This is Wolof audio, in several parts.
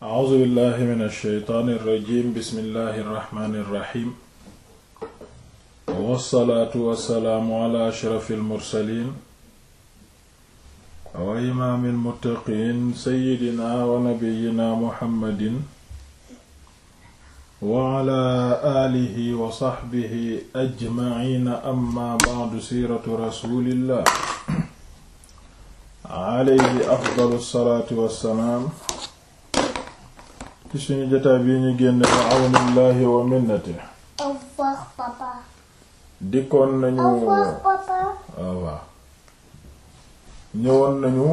a'uuzu billahi min alsheytaan alrajim bismillahi arrahmani irrahim wassalaatu wassalaamu ala ashrafi almursalin wa imaami almuttaqiin seyidina wa nabiyina muhammadin wa ala aalihi wa saxbihi ajmaciina amma bacdu siiratu rasulillah alayhi afdalu salaatu wassalaam ci suñu jotaay bi ñu génn bi awnillahi wa minnati dikkoon nañu ah, waaw ñëwoon nañu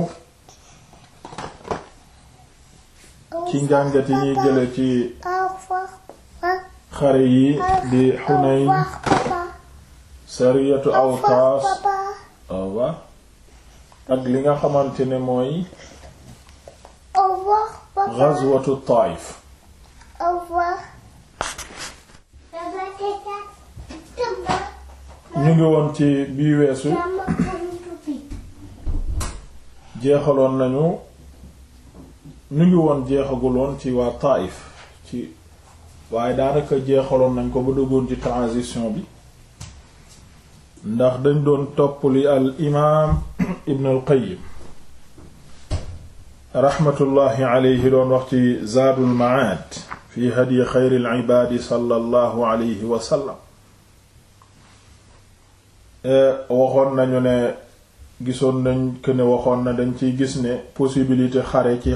ci njàngat yi ñuy jële ci xare yi di Hunayn sariyatu Awtaas ah, waaw ak li nga xamante ne mooy ghazwatu Taif ñu ngi woon ci bii weesu jeexaloon nañu ñu ngi woon jeexaguloon ci waa Taif ci waaye daanaka jeexaloon nañ ko ba duggoon ci transition bi ndax dañ doon topp li al imaam Ibn Qayyim raxmatullahi alayhi doon wax ci zaadul maad fi hadyi xayril ibaadi sallallahu alayhi wa eh, waxoon nañu ne gisoon nañ ko ne waxoon na dañ ci gis ne possibilité xare ci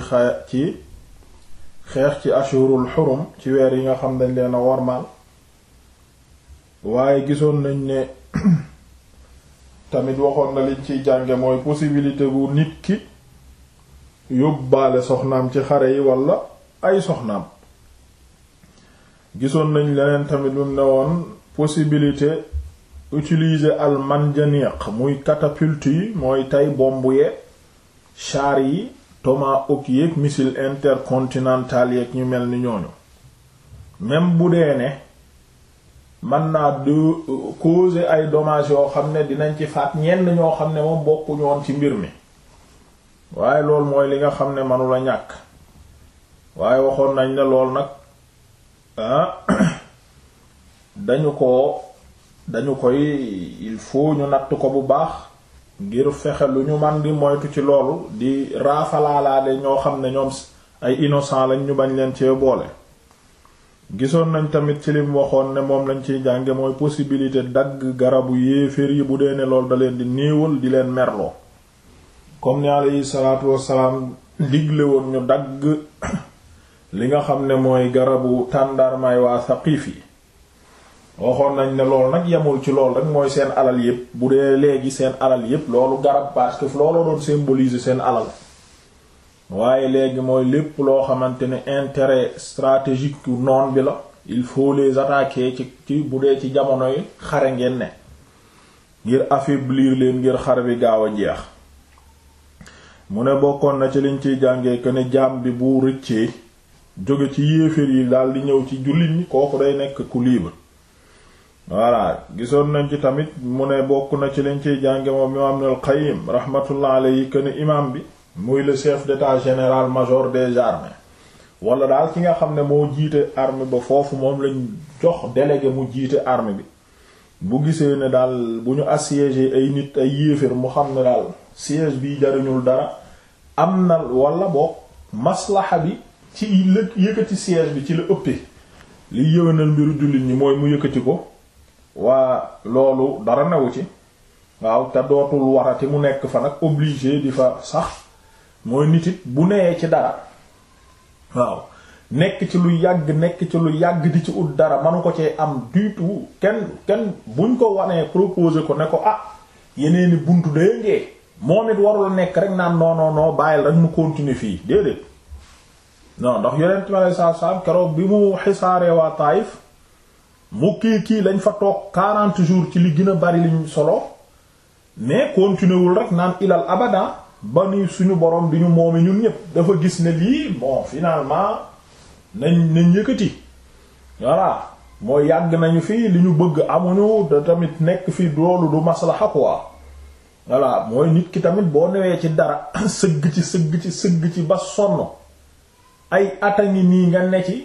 ci xeex ci ashurul xurum ci weer yi nga xam dañ leen a wormaal waaye gisoon nañ ne tamit waxoon na liñ ciy jànge mooy possibilité bu nit ki yóbbaale soxnaam ci xare yi walla ay soxnaam gisoon nañ leneen tamit lu ne woon possibilité utiliser al manjaniq muy catapulte yi mooy tey bomb yeeg char yi tomahawk yeeg missile intercontinental yeeg ñu mel ni ñooñu même bu dee ne mën naa de causer ay dommages yoo xam ne dinañ ci faat ñenn ñoo xam ne moom bokkuñu woon ci mbir mi waaye loolu mooy li nga xam ne manula ñàkk waaye waxoon nañ ne lool nag ah, dañu ko dañu koy il natt ko bu baax ngir fexe lu ñu man di moytu ci loolu di raafalaalaale ñoo xam ne ñoom ay innocent lañ ñu bañ leen cee gisoon nañ tamit ci lim waxoon ne moom lañ ciy jànge mooy possibilité dagg garabu yéeféer yi bu dee ne lool da leen di néewal di leen merloo comme ni alayhi salaatu wassalaam digle woon ñu dagg li nga xam ne mooy garabu tàndarmaay waa saqiif yi waxoon nañ ne loolu nag yemul ci lool rek mooy seen alal yépp bu dee léegi seen alal yépp loolu garab parce que looloo doon symboliser seen alal waaye léegi mooy lépp loo xamante ne intérêt stratégique noon bi la il faut les attaquer ci ci bu dee ci jamonoy xare ngeen ne ngir affaiblir leen ngir xare bi gaaw a jeex mu ne bokkoon na ci liñ ciy jàngee que ne jaam bi bu rëccee jóge ci yéeféer yi daal di ñëw ci jullit ñi kooku day nekk ku libre voilà gisoon nañ ci tamit mu ne bokk na ci liñ ciy jànge moom imaam Ibnul Qayyim rahmatullah alayhi que ne imaam bi muy le chef d'état général major des armées wala daal ki nga xam ne moo jiite armée ba foofu moom lañu jox délégué mu jiite armée bi bu gisee ne daal bu ñu assiégé ay nit ay yéeféer mu xam ne daal siège bi jariñul dara am na wala boog maslaxa bi ci lë yëkkati siège bi ci la ëppee li yëwénal mbiru jullit ñi mooy mu yëkkati ko waa loolu dara newu ci waaw te dootul warati mu nekk fa nag obligé di fa sax mooy nit it bu newee ci dara waaw nekk ci lu yàgg nekk ci lu yàgg di ci ut dara manu ko cee am du tout kenn kenn buñ ko wanee proposé ko ne ko ah yeneeni buntu dayngee moom it warul nekk rek naan non non non bàyyil rek mu continuer fii déedéet non ndax yonent mi alei salatu salaam keroog bi mu xisaaree waa Taayif mu kii kii lañ fa toog 40 jours ci li gën a bari liñ solo mais continuer wul rek naan ilal abada ba ni suñu borom di ñu moome ñun ñëpp dafa gis ne lii bon finalement nañ nañ yëkkati voilà moo yàgg nañu fii li ñu bëgg amuñu da tamit nekk fii doolu du maslaxa quoi voilà mooy nit ki tamit boo newee ci dara sëgg ci sëgg ci sëgg ci ba sonn ay ata ngi nii nga ne ci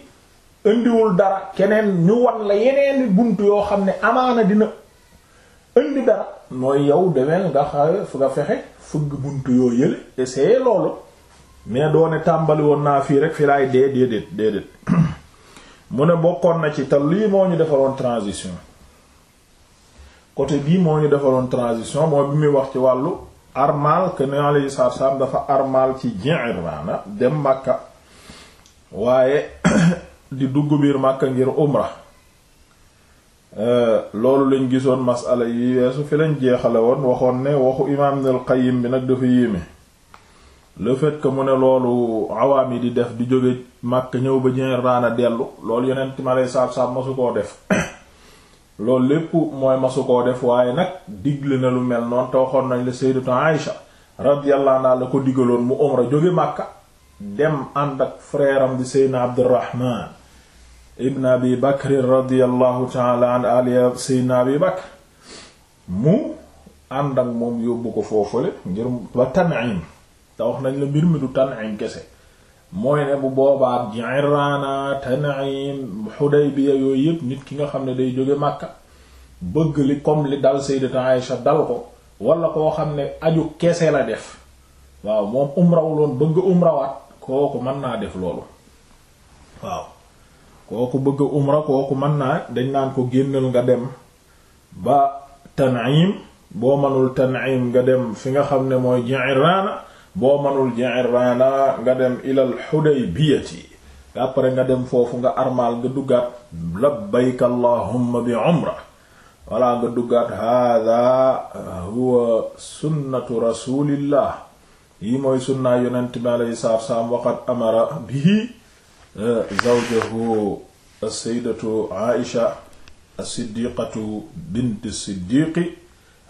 indiwul dara keneen ñu wan la yeneen bunt yoo xam ne amaana dina indi dara mooy yow demeel nga xawe fu nga fexe fëgg bunt yoo yële essayer loolu mais doone tàmbali woon naa fii rek fi lay dee déedéet déedéet mu ne bokkoon na ci te lii moo ñu defaloon transition côté bii moo ñu defaloon transition moo bi muy wax ci wàllu armal que ne alayhi salaam dafa armal ci Ji'irraana dem Makka waaye di dugg biir Makka ngir umra euh, loolu lañ gisoon masala yi weesu fi lañ jeexale woon waxoon ne waxu imaam Ibnul Qayyim bi nag dafa yéeme le fait mu ne loolu awaam yi di def di jóge màkk ñëw ba Ji'irraana dellu loolu yonent mi alayhi salaam masu koo def loolu lépp mooy masu koo def waaye nag digle na lu mel noonu te waxoon nañ la sayyidatu Aïsha radiyallahu anha la ko digaloon mu umra jóge Makka dem ànd ak frère am di sayyidina Abdurrahman ibn Abi Bakr radiyallahu ta'ala an ali sayyidina Abi Bakr mu ànd ak moom yóbbu ko foofule ngir ba Tan'im te wax nañ la mbir mi du Tan'im kese mooy ne bu boobaa Ji'rana Tan'im Hudaybiya yooyu yëpp nit ki nga xam ne day jóge Makka bëgg li comme li dal Sayyidatu Aïsha dal ko walla koo xam ne aju kese la def waaw moom umrawuloon bëgg umrawaat kooku mën naa def loolu waaw kooku bëgg umra kooku mën naa dañ naan ko génnal nga dem ba Tan'im boo mënul Tan'im nga dem fi nga xam ne mooy Ji'rana boo manul Ji'irraana nga dem ilal Hudaybiyati après nga dem foofu nga armaal nga duggaat labbayka allahumma bi umra walla nga duggaat hada huwa sunnatu rasulillah yi mooy sunnaa yonent bi alayhi salaatu wassalaam waqad amara bihi eh, zawjahu as-sayyidatu Aisha as-siddiqatu bint as-siddiqi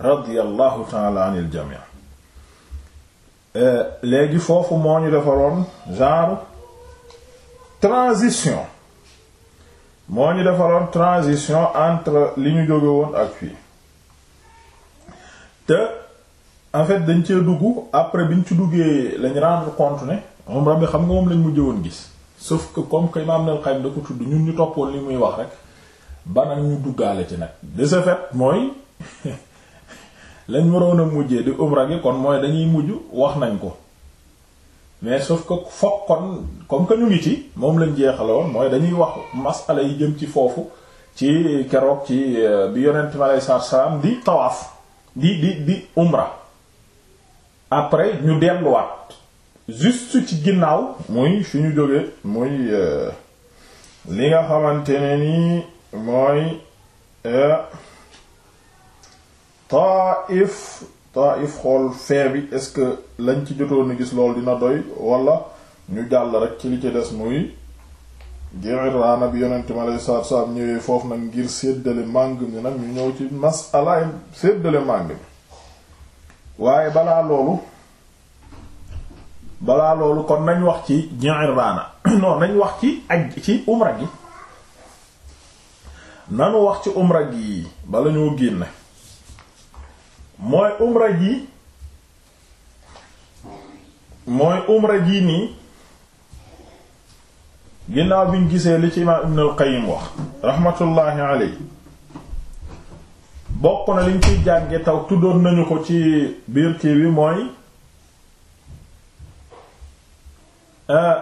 radiyallahu ta'ala anil jami' Euh, léegi foofu moo ñu defaroon genre transition moo ñu defaroon transition entre li ñu jóge woon ak fii te en fait dañ cee dugg après ñu ci duggee lañ rendre compte ne moom rabbi xam nga moom lañ mujj woon gis sauf que comme que Imaam Ibnul Qayyim da ko tudd ñun ñu toppoon li muy wax rek ba ñu duggaale ci nag de ce fait mooy lañ waroon a mujjee di umra gi kon mooy dañuy mujj wax nañ ko mais soof ko foog kon comme que ñu ngi ci moom lañ jeexaloon mooy dañuy wax masala yi jëm ci foofu ci keroog ci euh, bi yonent mi alei salaatu salaam di tawaaf di di di umra après ñu delluwaat juste ci ginnaaw muy fi ñu jógee muy euh, li nga xamante ne nii mooy euh, Taif Taif xool fin bi est-ce que lañ ci jotoon a gis loolu dina doy wala ñu jàll rek ci li ci des muy Ji'irraana bi yonent mi alayhi salaatu salaam ñëwee foofu nag ngir séddale màng mi nag ñu ñëw ci masalaay séddale màng mi waaye balaa loolu balaa loolu kon nañ wax ci Ji'irraana non nañ wax ci aj ci umra gi nanu wax ci umra gi bala ñoo génne mooy umra ji mooy umra ji nii ginnaaw biñ gisee li ci imaam Ibn al wax raxmatullaahi alayhi bokk na liñ ciy jànge taw tuddoon nañu ko ci biir kii bi mooy euh,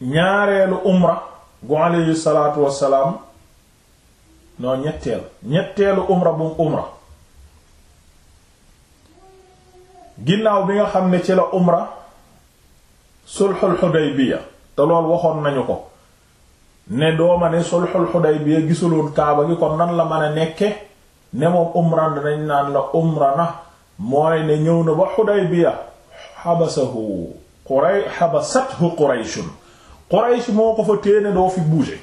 ñaareelu umra gu alayhi salaatu wassalaam non ñetteel ñetteelu umra bu umra ginnaaw bi nga xam ne ci la umra sulxul xudaybiya te lool waxoon nañu ko ne dooma ne sulxul xudaybiya gisuloon kaaba gi ko nan la mën a nekke ne moom umra nañ naan la umra na mooy ne ñëw na ba xudaybiya xabasahu quray xabasathu qurayshun quraysh moo ko fa téene doo fi bouger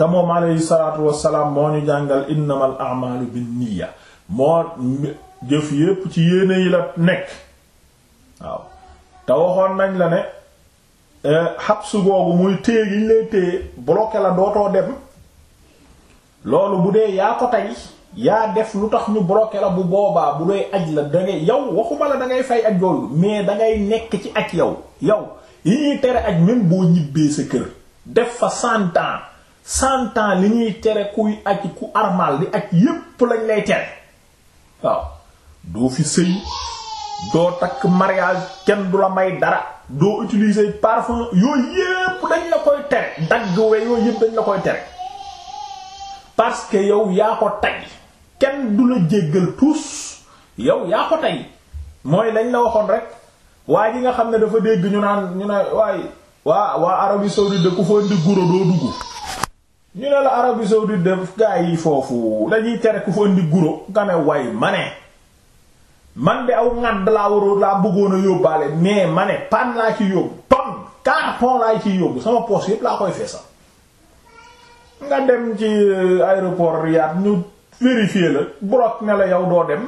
te moom alayhi salaatu wassalaam moo ñu jàngal innamal a'maalu binniya moo jëf yépp ci yéene yi la nekk waaw te waxoon nañ la ne e, xabsu googu muy téye gi ñu la dootoo dem loolu bu dee yaa ko tey yaa def lu tax ñu bloqué la bu boobaa bu dee aj la da ngay waxuma la da ngay fay aj loolu mais da nekk ci aj yow yow yi ñuy tere aj même boo ñibbee sa kër def fa cent cent li ñuy tere kuy aj ku armal di aj yépp lañ lay tere waaw doo fi sëy doo takk mariage kenn du la may dara doo utiliser parfum yooyu yépp dañ la koy tere dagg we yooyu yépp dañ la koy tere parce que yow yaa ko tey kenn du la jéggal tous yow yaa ko tey mooy lañ la waxoon rek waa ji nga xam ne dafa dégg ñu naan ñu naan waaye waa waa Arabie saoudite da ku fa indi guro doo dugg ñu ne la Arabie saoudite def gaa yi foofu dañuy tere ku fa indi guro nga ne way ma ne man de aw ŋàdd laa waroo laa bëggoon a yóbbaale mais ma ne pan laa ci yóbbu ton carton laa ci yóbbu sama poche yépp laa koy feesal nga dem ci euh, aéroport Riyad ñu vérifier la bloc ne la yow doo dem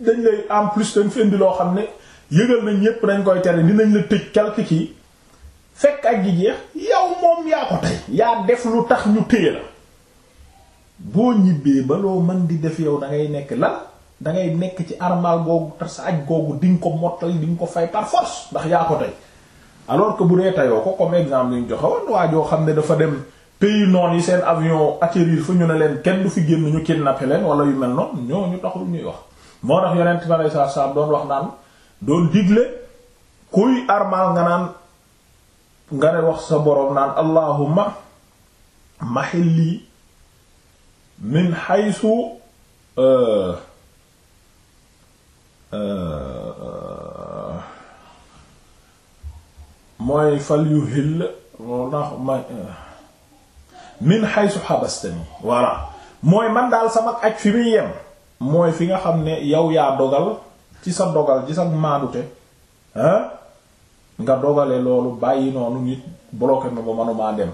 dañ lay en plus dañ fi indi loo xam ne yëgal nañ ñépp dañ koy tere dinañ la tëj ki ci fekk ak gi jeex yow moom yaa ko tey yaa def lu tax ñu téye la boo ñibbee ba loo mën di def yow da ngay nekk lan da ngay nekk ci armal googu tax sa aj googu di ko mottal di nga ko fay par force ndax yaa ko tey alors ko bu dee tayoo ko comme exemple ñu joxe woon waa joo xam ne dafa dem pays noon yi seen avion atterrir fu ñu ne leen kenn du fi génn ñu kidnappé leen wala yu mel noonu ñoo ñu taxul ñuy wax moo tax yonent bi sallallahu alayhi doon wax naan doon digle nga ne wax sa boroom naan allahumma maxilli min xaysu uh, uh, mooy fal yu hill uh, min xaysu xabastani voilà mooy man daal sama aj fi muy yem mooy fi nga xam ne yow yaa dogal ci sa dogal ci sa maadute ah, nga dogale loolu bàyyi noonu nit bloqué ma ba manumaa dem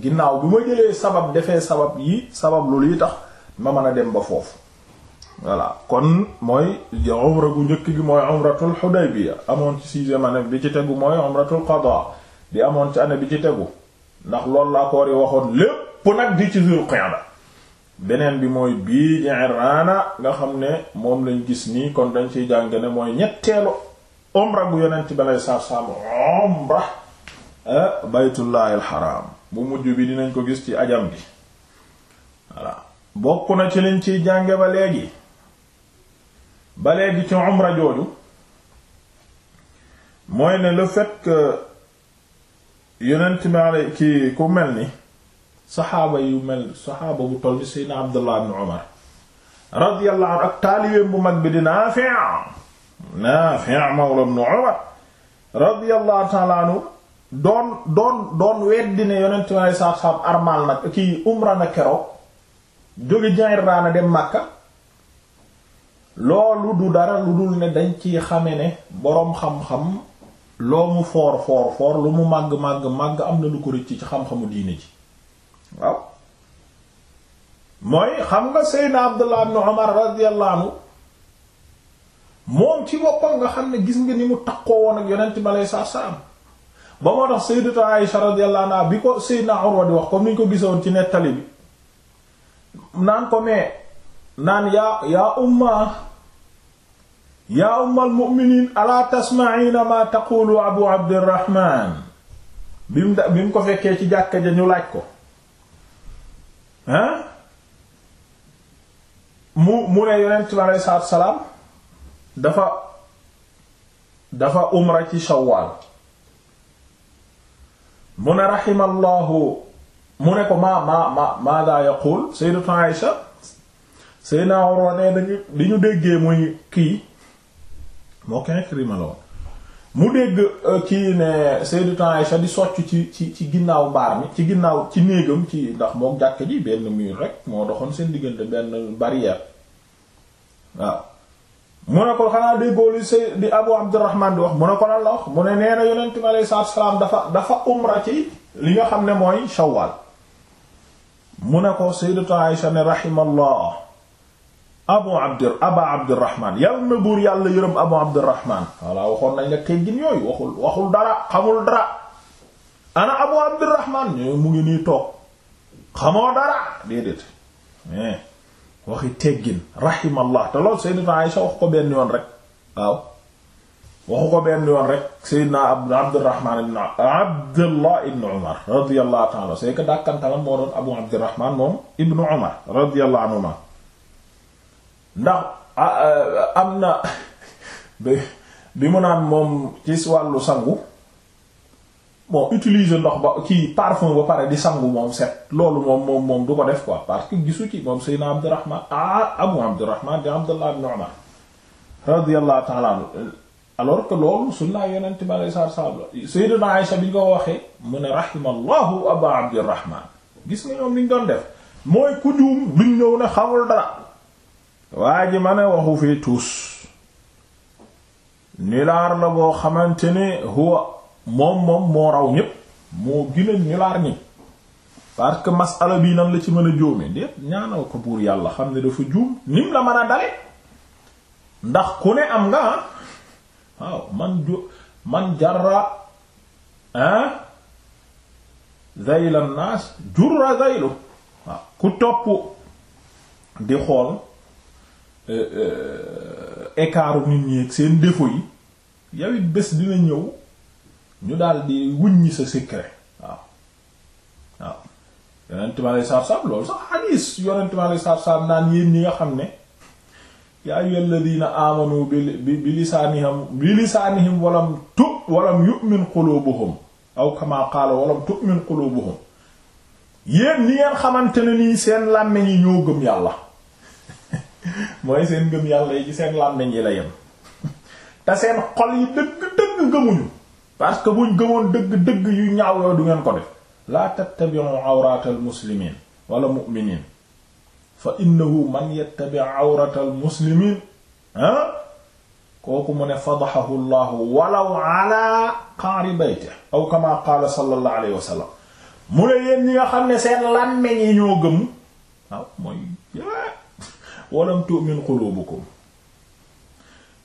ginnaaw bu ma jëlee sabab defee sabab yi sabab lu lii tax ma mën a dem ba foofu voilà kon mooy umra gu njëkk gi mooy umratul amoon ci sixième bi ci tegu mooy umratul di amoon ci année bi ci tegu ndax loolu laa ko war waxoon lépp nag di ci Zul Qa'da beneen bi mooy bii di Irana nga xam ne moom lañ gis nii kon dañ ciy jàng ne mooy ñetteelu omra bu yonent bi aleyhi salaatu salaam omra eh, baytullahi alxaraam bu mujj bi dinañ ko gis ci ajam gi voilà bokk na ci liñ ciy jànge ba léegi ba léegi ci omra jooju mooy ne le fait yonent bi aley ki ku mel ni saxaaba yu mel saxaaba bu toll ni seydna abdullah bu mag bi di Naafi' Naafi' mawla ibn Umar radiyallahu ta'ala anhu doon doon doon weddi ne yonent mi alei satu salaam nag kii umra na keroog jóge Ji'irraana dem Makka loolu du dara lu dul ne dañ ci xame ne boroom xam-xam loo mu foor foor foor lu mu màgg màgg màgg am na lu ko rëcc ci xam-xamu diine ji waaw mooy xam nga Seydina Abdullah ibn Umar radiyallahu anhu moom ci boppam nga xam ne gis nga ni mu takkoo woon ak yonent bi aleyhi salaatu salaam ba moo tax sayyidatu Aisha radiyallahu anha bi ko sayyidna Urwa di wax comme ni ñu ko gisoon ci nettali bi naan ko mais naan yaa yaa umma yaa ummal mu'miniin alaa tasma'ina maa taqulu abu abdirrahman bi mu da bi mu ko fekkee ci jàkka ja ñu laaj ko hein ah? mu mu ne yonent bi aleyhi salaatu salaam dafa dafa umra ci shawaal mu ne raximallahu mu ne ko maa maa maa maa daa yaqul sayyidatu Aisha sayna Urwa ne dañu di ñu déggee muy kii moo ko Ikrima mu dégg euh, kii ne sayyidatu Aisha di socc ci ci ci ginnaaw mbaar mi ci ginnaaw ci néegam ci ndax moo jàkk ji benn mur rek moo doxoon seen diggante benn barrière waaw mu ne ko xanaa déggoo li say di Abu Abdurrahman di wax mu ne ko lan la wax mu ne nee na yonent mi alayhi salaatu salaam dafa dafa umra ci li nga xam ne mooy shawwal mu ne ko sayyidatu Aisha ne rahimallah Abu Abdir Aba Abdurrahman yàlla na buur yàlla yërëm Abu Abdurrahman voilà waxoon nañ la teggin yooyu waxul waxul dara xamul dara ana Abu Abdurrahman ñooy mu ngi nii toog xamoo dara déedéet. waxi teggin rahimallah te loolu Sayyidatu Aisha waxu ko benn yoon rek waaw waxu ko benn yoon rek Sayyidina Abdurrahman ibn Abdullah ibn Umar radiyallahu ta'ala c'est que moo doon Abu Abdurrahman moom ibn Umar radiyallahu anhuma ndax am na bi mu naan moom ci wàllu sangu bon utiliser ndox ba kii parfum ba pare di sangu moom set loolu moom moom moom du ko def quoi parce que gisu ci moom Seydina Abdurrahman ah Abu Abdurrahman di Abdullah ibn Umar radiyallahu ta'ala anhu alors que loolu sunna yonent bi alayhi salaatu wa salaam Seydina Aïcha ko waxee mu ne rahimallahu Abu Abdurrahman gis nga ñoom li ñu doon def mooy ku juum duñ ñëw ne xamul dara waa ji ma ne waxu fii tuus nilaar la boo xamante ni huwa moom moom moo raw ñépp moo gën a ñi parce que masala bii nan la ci mën a jóomee déet ñaanal ko buur yàlla xam ne dafa juum nim la mën a dale ndax ku ne am nga ah waaw man ju man jarra ah zayla naas jurra zaylu waaw ku topp di xool euh, euh, écartu nit ñi ak seen défaut yi yow bés dina ñëw ñu daal di wuññi sa secret waaw waaw yonent bi alei satu loolu sax xadiis yonent bi alei satu naan yéen ñi nga xam ne yaa ayyuhal ladina amanu bi bi lisaanihim bi lisaanihim walam tu walam yu'min qulubuhum aw kama qaala walam tu'min qulubuhum yéen ñi ngeen xamante ne nii seen làmmiñ yi ñoo gëm yàlla mooy seen gëm yàlla yi ci seen làmmiñ yi la yem te seen xol yi dëgg dëgg gëmuñu parce que buñ gëmoon dëgg dëgg yu ñaaw du ngeen ko def laa tattabi'u awratal muslimiin wala mu'miniin fa innahu man yattabi' ah, aw kama qaala sallallahu alayhi nga xam ne seen làmmeñ yi ñoo gëm waaw mooy walam tu'min qulubukum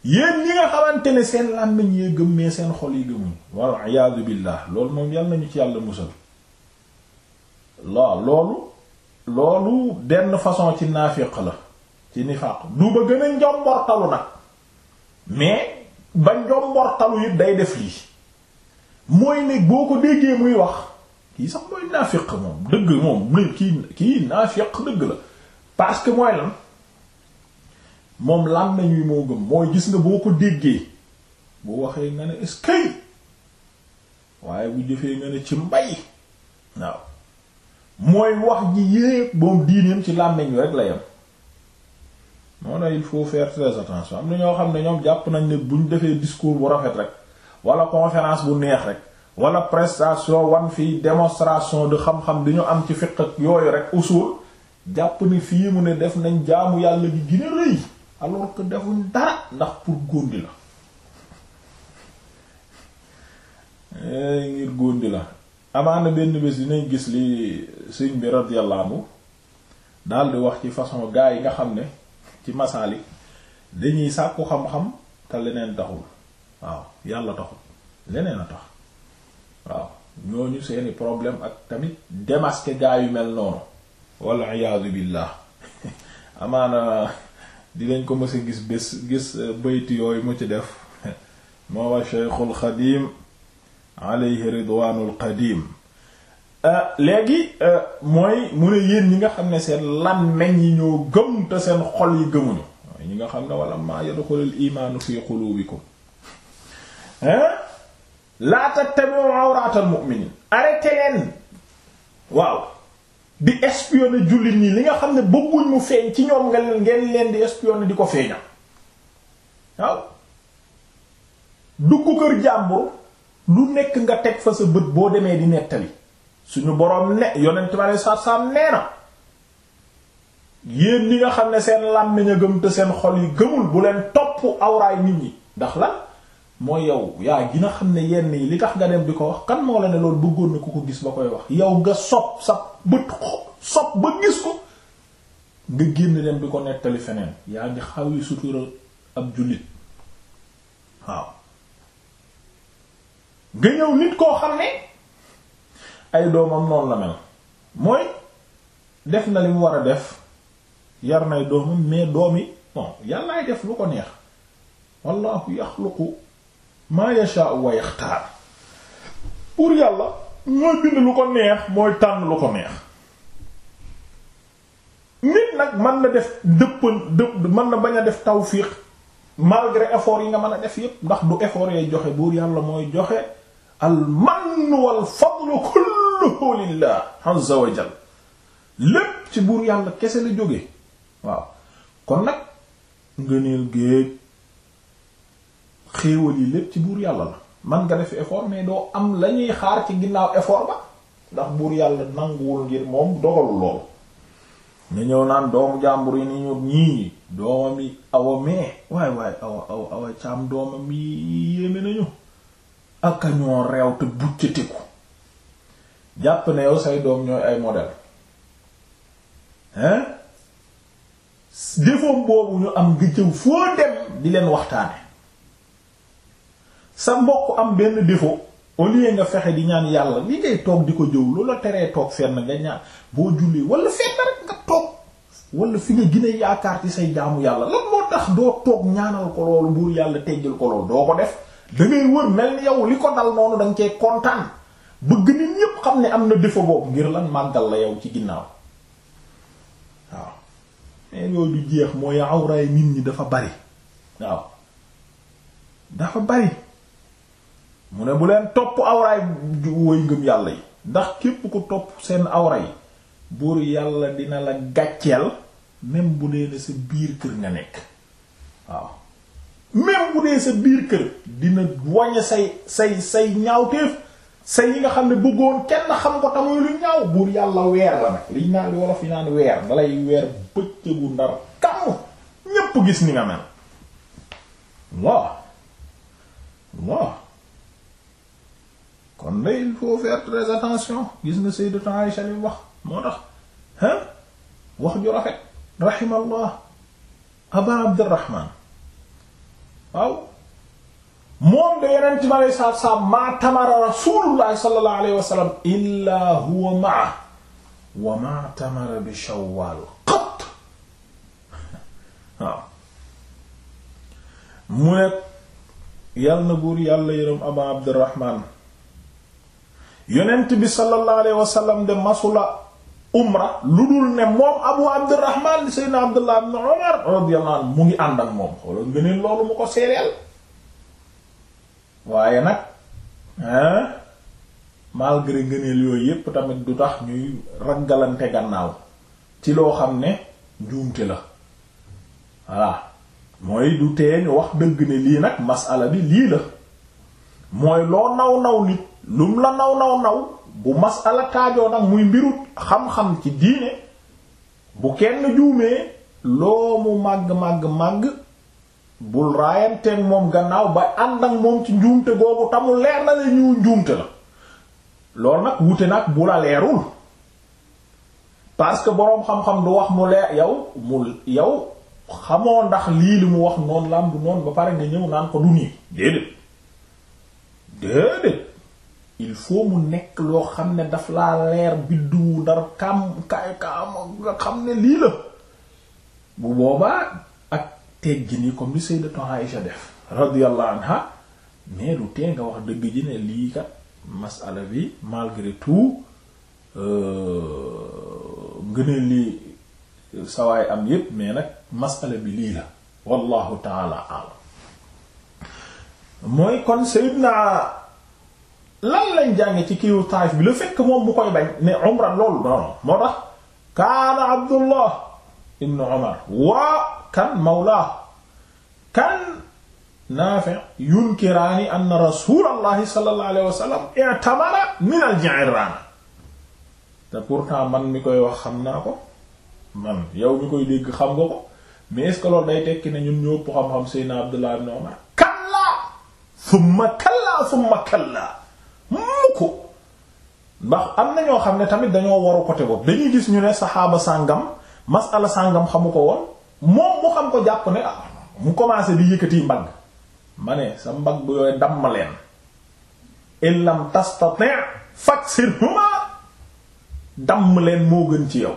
yéen ñi nga xamante ne seen làmmiñ yee gëm mais seen xol yi gëmuñ wal iyaadu billah loolu moom yàlla nañu ci yàlla musal waaw loolu loolu benn façon ci naafiq la ci nifaaq du ba gën a njombortalu nag mais ba njombortalu it day def lii mooy ne boo ko déggee muy wax kii sax mooy naafiq moom dëgg moom kii kii naafiq dëgg la parce que mooy lan moom lan nañuy moo gëm mooy gis nga boo ko déggee bu waxee nga ne est-ce que waaye bu jëfee nga ne ci mbay waaw mooy wax ji yépp boom diineem ci làmmiñ wi rek la yem moo ne il faut faire très attention am na ñoo xam ne ñoom jàpp nañ ne buñ defee discours bu rafet rek wala conférence bu neex rek wala prestation wan fii démonstration de xam-xam di ñu am ci fiq ak yooyu rek usul jàpp ni fii mu ne def nañ jaamu yàlla gi gën rëy alors que defuñ dara ndax pour góndi la eh, ngir góndi la amaana benn bés dinañ gis li sëñ bi radiyallahu anhu daal wax ci façon gaa yi nga xam ne ci masaali dañuy sàkku xam-xam te leneen taxul waaw yàlla taxul leneen a tax waaw ñooñu seeni problème ak tamit démasquer gaa yu mel noonu walla iyaazu billaah amaana dinañ ko mës a gis bés gis euh, baytu yooyu mu ci def moo wa Cheikhul Xadim alayhi ridwaanul qadim euh, léegi euh, mooy mu ne yéen ñi nga xam ne seen làmmeñ yi ñoo gëm te seen xol yi gëmuñu ñi nga xam ne wala maa yadxulul imaanu fi qulubikum la tattabi'u awratal mu'minin arrêté leen waaw di espionner jullit ñi li nga xam ne bëgguñ mu feeñ ci ñoom nga ngeen leen di espionner di ko feeñal waaw dugg kër jàmbur lu nekk nga teg fa sa bët boo demee di nettali suñu boroom ne yonent ma ne saab-saab nee na yéen ñi nga xam ne seen làmmiñ a gëm te seen xol yi gëmul bu leen topp awraay nit ñi ndax la mooy yow yaa gën a xam ne yenn yi li tax nga dem di ko wax kan moo la ne loolu bëggoon na ku ko gis ba koy wax yow nga sob sa bët ko sob ba gis ko nga génn dem di ko nettali feneen yaa ngi xaw yi sutura ab jullit waaw nga ñëw nit koo xam ne ay doomam noonu la mel mooy def na li mu war a def yar nay doomam mais doom yi bon yàllaay def lu ko neex wallahu yaxluqu maa yashaa'u wa yaxtaar yàlla mooy bind lu ko neex mooy tànn lu ko neex nit nag mën na def dëppan dëpp mën na bañ a def tawfiq malgré effort yi nga mën a def yépp ndax du effort yay joxe buur yàlla mooy joxe al mann wal fadlu kulluhu lillah lépp ci buur yàlla kese la jóge waaw kon nag ngëneel géej xéewal yi lépp ci buur yàlla la man nga def effort mais doo am la ñuy xaar ci ginnaaw effort ba ndax buur yàlla nanguwul ngir moom dogalul loolu nga ñëw naan doomu jàmbur yi ni ñu ñii doomam yi awa mee waaye waaye awa awa awa caam doomam yi yéeme nañu ak a ñoo reew te buccatiku jàpp ne yow say doom ñooy ay modèle hein defoom boobu ñu am nga jëw foo dem di leen waxtaane sa mbokk am benn défaut au lieu nga fexe di ñaan yàlla li ngay toog di ko jëw loola tere toog fenn nga ñaan boo jullee wala fenn rek nga toog wala fi nga gine yaakaar ci say jaamu yàlla lan moo tax doo toog ñaanal ko loolu buur yàlla teggal ko loolu doo ko def da ngay wër mel ni yow li ko dal noonu da nga kontaan bëgg nit ñépp xam ne am na défaut boobu ngir lan màggal la yow ci ginnaaw waaw mais yooyu du jeex mooy awraay nit ñi dafa bari waaw dafa bari mu ne bu leen topp awraay woy ngëm yàlla yi ndax képp ko topp seen awra yi buur yàlla dina la gàcceel même bu dee ne sa biir kër nga nekk waaw même bu dee sa biir kër dina waññe say say say ñaawteef say yi nga xam ne bëggoon kenn xam ko tamuy lu ñaaw buur yàlla weer la nag liñ naan wolof yi naan weer dalay weer bëccëgu ndar kam ñépp gis ni nga mel waaw waaw kon la il faut faire très attention gis nga sayyidatu Aïsha li wax moo tax ah wax ju rafet rahimallah aba abdirahman waaw moom da yeneen mi alei saatu salaam maa tamara rasulullahi sallallahu alayhi wa sallam illa huwa qat waaw mu ne yàlla na buur yàlla aba abdirahman yonent bi sallallahu alayhi wa de masula umra lu dul ne moom abu abdurrahman di seydna abdullah ibn umar radiyallahu anhu mu ngi ànd ak moom xoolal nga loolu mu ko seereel waaye nag hein malgré ngëneel yooyu yépp tamit du tax ñuy raggalante gannaaw ci loo xam ne njuumte la voilà mooy du tee ñu wax dëgg ne lii nag masala bi lii la mooy loo naw naw nit lum la naw naw naw bu masala taajoo nag muy mbiru xam-xam ci diine bu kenn juumee loo mu màgg màgg màgg bul raayanteeg moom gannaaw ba ànd ak moom ci njuumte googu tamu leer na la ñu njuumte la loolu nag wute nag bu la leerul parce que boroom xam-xam du wax mu leer yow mu yow xamoo ndax lii li mu wax noonu la am du noonu ba pare nga ñëw naan ko du nii déedéet il faut mu nekk loo xam ne daf laa leer bidduwu dara kam kay kam nga xam ne lii la bu boobaa ak teggin yi comme li sayyidatu Aïsha def radiyallahu anha mais du tee nga wax dëgg ji ne lii kat masala bi malgré tout euh, ngëneel lii sawaay am yépp mais nag masala bi lii la wallahu taala alam mooy kon sayyidna lan lañ jànge ci kiiwu Taayif bi la fekk moom bu koy bañ ne umra loolu non non moo tax kaana Abdullah ibn Umar waa kan mawla kan Naafi yunkiraani anna Rasuulallahi sallallahu alayhi wa sallam i'tamara min al-Ji'irraana te pourtant man mi koy wax xam naa ko man yow mi koy dégg xam nga ko mais est loolu day tekki ne ñun ñoo ëpp xam-xam Seydina Abdullah ibn Umar kallaa thumma kallaa thumma kallaa mukk ndax am na ñoo xam ne tamit dañoo waru côté boobu dañuy gis ñu ne saxaaba sàngam masala sàngam xamu ko woon moom mu xam ko jàpp ne ah mu commencé di yëkkati mbagg ma ne sa mbagg yooyu damm leen in lam tastati faksirhuma damm leen moo gën ci yow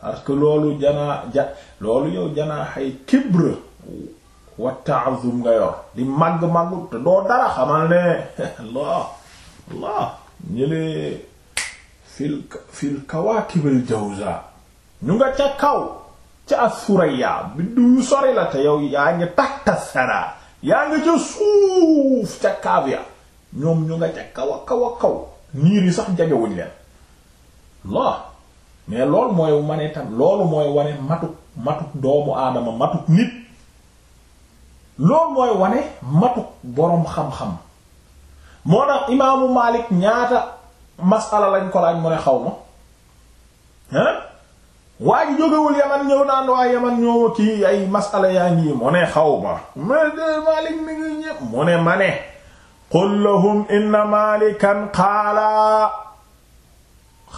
parce que loolu janaa ja loolu yow janaa xay kibra wa ta'azzum nga yor di màgg màggut te doo dara xamal ne allah allah ñëlee fil fil jawza ñu nga ca kaw ca as-suraya biddu yu sori la te yow yaa ngi tahta sara yaa ngi ca suuf ca kaab ya ñoom ñu nga ca kaw a kaw a kaw niir yi sax jagewuñ leen allah mais loolu mooy ma ne tam doomu aadama matuk nit loolu mooy wane matuk boroom xam-xam moo tax imaamu Maalik ñaata masala lañ ko laaj mu ne xaw ma hein waa ji jógewul yaman ñëw waa yaman ñoo kii ay masala yaa ngi mu ne xaw ma mu Maalik mi ngi ñëpp mu ne ma ne qul lahum inna Maalikan qaala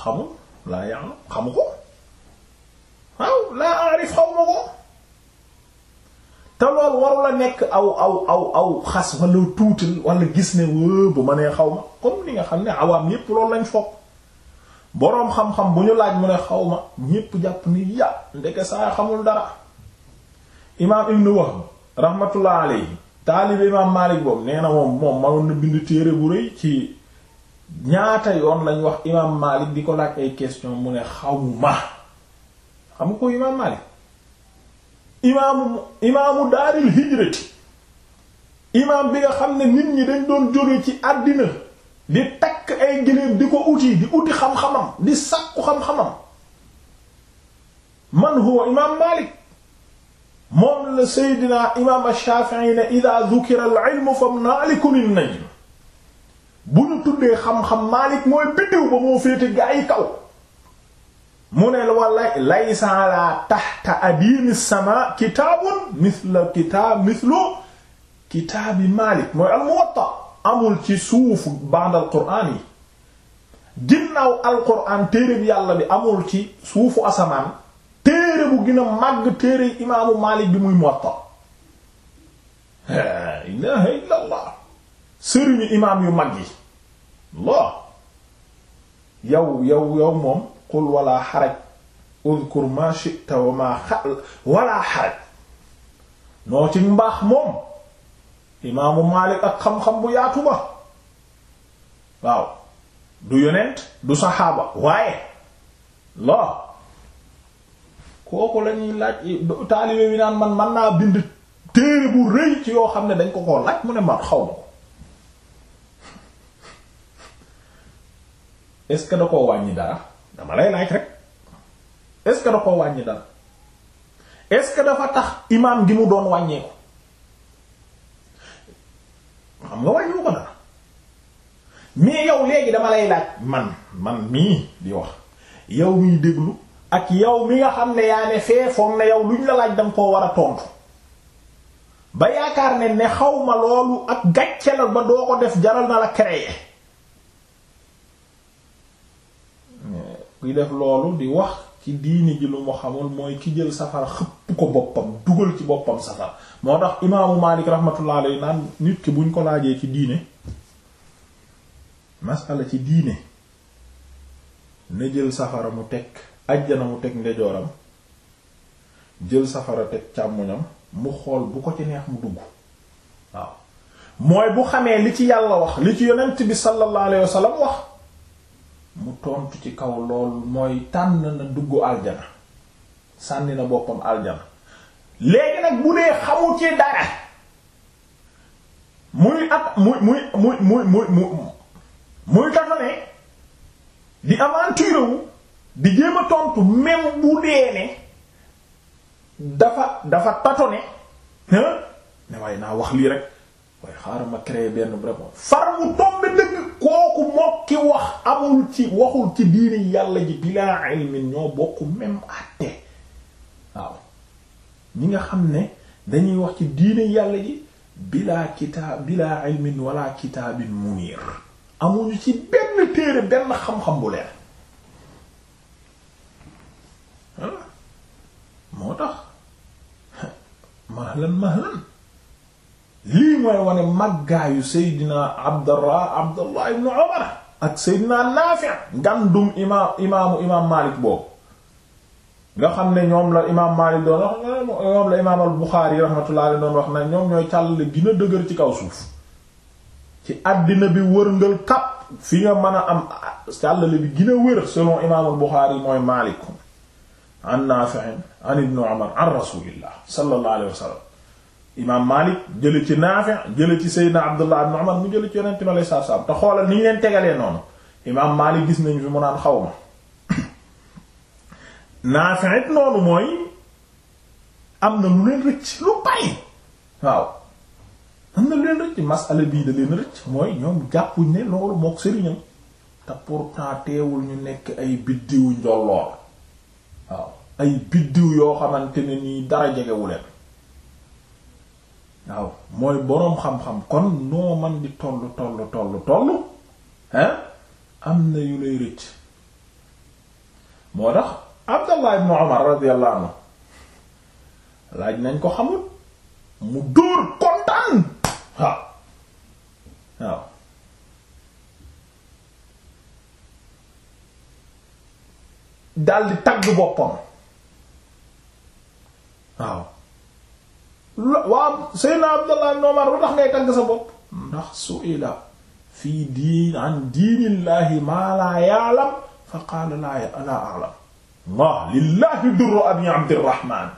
xamu laa ya'lam xamu ko waaw laa arif xaw ko te loolu waru la nekk aw aw aw aw xas wala tuutil wala gis ne bu ma nee xaw ma comme ni nga xam ne awaam yépp loolu lañ foog boroom xam-xam bu ñu laaj mu ne xaw ma ñépp jàpp ni ya ndeke saa xamul dara imaam ibnu Wahb rahmatullah alayhi taalibe imaam Maalik boobu nee na moom moom manoon na bind téere bu rëy ci ñaata yoon lañ wax imaam Maalik di ko laaj ay question mu ne xaw ma xam ko imaam Maalik imaamu imaamu daaril hijrati imaam bi nga xam ne nit ñi dañ doon jóge ci àddina di takk ay gëléem di ko uti di uti xam-xamam di sàkku xam-xamam man huwa imaam Maalik moom la Seydina imaam Shaafi'i ne idaa dhukira al-ilmu fa Maalikun an-najm bu ñu tuddee xam-xam Maalik mooy biddiw ba moo féete gaa kaw mu ne wala laysa ala tahta adiimi sama kitaabun mithla kitaab mithlu kitaabi Maalik mooy al-Muwatta amul ci suuf ba'da al-Qur'aan yi ginnaaw al-Qur'aan téere bi yàlla bi amul ci suufu asamaan téere bu gën a màgg téere imaamu Maalik bi muy Muwatta laa ilaaha illallaah sëriñu imaam yu mag yi Allah yow yow yow moom qul wala xaraj uzkur ma shi'ta wa ma wala xaraj noo ci mbaax moom imaamu Maalik ak xam-xam bu yaatu ba waaw du yonent du saxaaba waaye loo kooku lañuy laaj taalibe bi naan man man naa bind téere bu rëy ci yoo xam ne dañ ko koo laaj mu ne man xaw ma ko est-ce que da koo wàññi dara dama lay laaj rek est que da ko wàññi dara est-ce que dafa tax imaam gi mu doon wàññeeku xam nga wàññiwu ko dara mais yow léegi dama lay laaj man man mii di wax yow miy déglu ak yow mi nga xam ne yaa ne fee foog ne yow luñ la laaj danga koo war a tontu ba yaakaar ne ne xaw ma loolu ak gàcce la ba doo ko def jaral na la créer ki def loolu di wax ci diini ji lu mu xamul mooy ki jël safara xëpp ko boppam dugal ci boppam safara moo tax imaamu Maalik rahmatullah naan nit ki buñ ko laajee ci diine masala ci diine na jël safara mu teg ajjana mu teg ndejooram jël safara teg càmmoñam mu xool bu ko ci neex mu dugg waaw mooy bu xamee li ci yàlla wax li ci yonent bi sallallahu alayhi wasallam wax mu tontu ci kaw loolu mooy tànn na dugg aljana sànni na boppam aljana léegi nag bu dee xamu ci dara muy at muy muy muy muy muy muy muy tatonee di aventure wu di jéem a tontu même bu dee ne dafa dafa tatone ne waaye naa wax lii rek waaye xaaral ma créer benn vraiment far mu tombe kooku mokki wax amul ci waxul ci diini yàlla ji bilaa ilmin ñoo bokk même àtte waaw ñi nga xam ne dañuy wax ci diini yàlla ji bilaa kitaab bilaa ilmin wala kitaabin munir amuñu ci benn téere benn xam-xam bu leer moo tax mahlan mahlan lii mooy wane màggaayu Seydina Abdallah Abdallah ibn Umar ak Seydina Naafi' ngandum imaam imaamu Maalik boobu nga xam ne ñoom la imaam Maalik doon wax ñoom la imaam al-Buxaari doon wax na ñoom ñooy càllale gën dëgër ci kaw suuf ci àddina bi wërngal kap fi nga mën a am càllale bi gën a selon imaam al mooy Maalik an Naafi' an ibn Umar an Rasuulillah sallallahu alayhi imaam Maalik jële ci Naafi' jële ci Seydina Abdullah ibn Umar mu jële ci yonent mi alayhi salaatu salaam te xoolal ni ñu leen tegalee noonu imaam Maalik gis nañu fi mu naan xaw ma mooy am na lu leen rëcc lu bari waaw am na lu leen rëcc masala bii da leen rëcc mooy ñoom jàppuñ ne loolu mook sëriñam te pourtant ñu nekk ay biddiwu njolloor waaw ay biddiw yoo xamante ni nii dara jegewuleen waaw mooy boroom xam-xam kon noo man di tollu tollu tollu tollu am na yu lay rëcc moo tax Abdallah ibn Umar radiyallahu anhu laaj nañ ko xamul mu dóor kontaan waaw daldi tagg boppam waaw waaw Seydina Abdallah ibn Umar lu tax ngay tagg sa bopp ndax su ila fii diin an diinillahi maa laa ya'lam fa qaala laa laa a'lam Allah lillahi durru abi Abdirrahman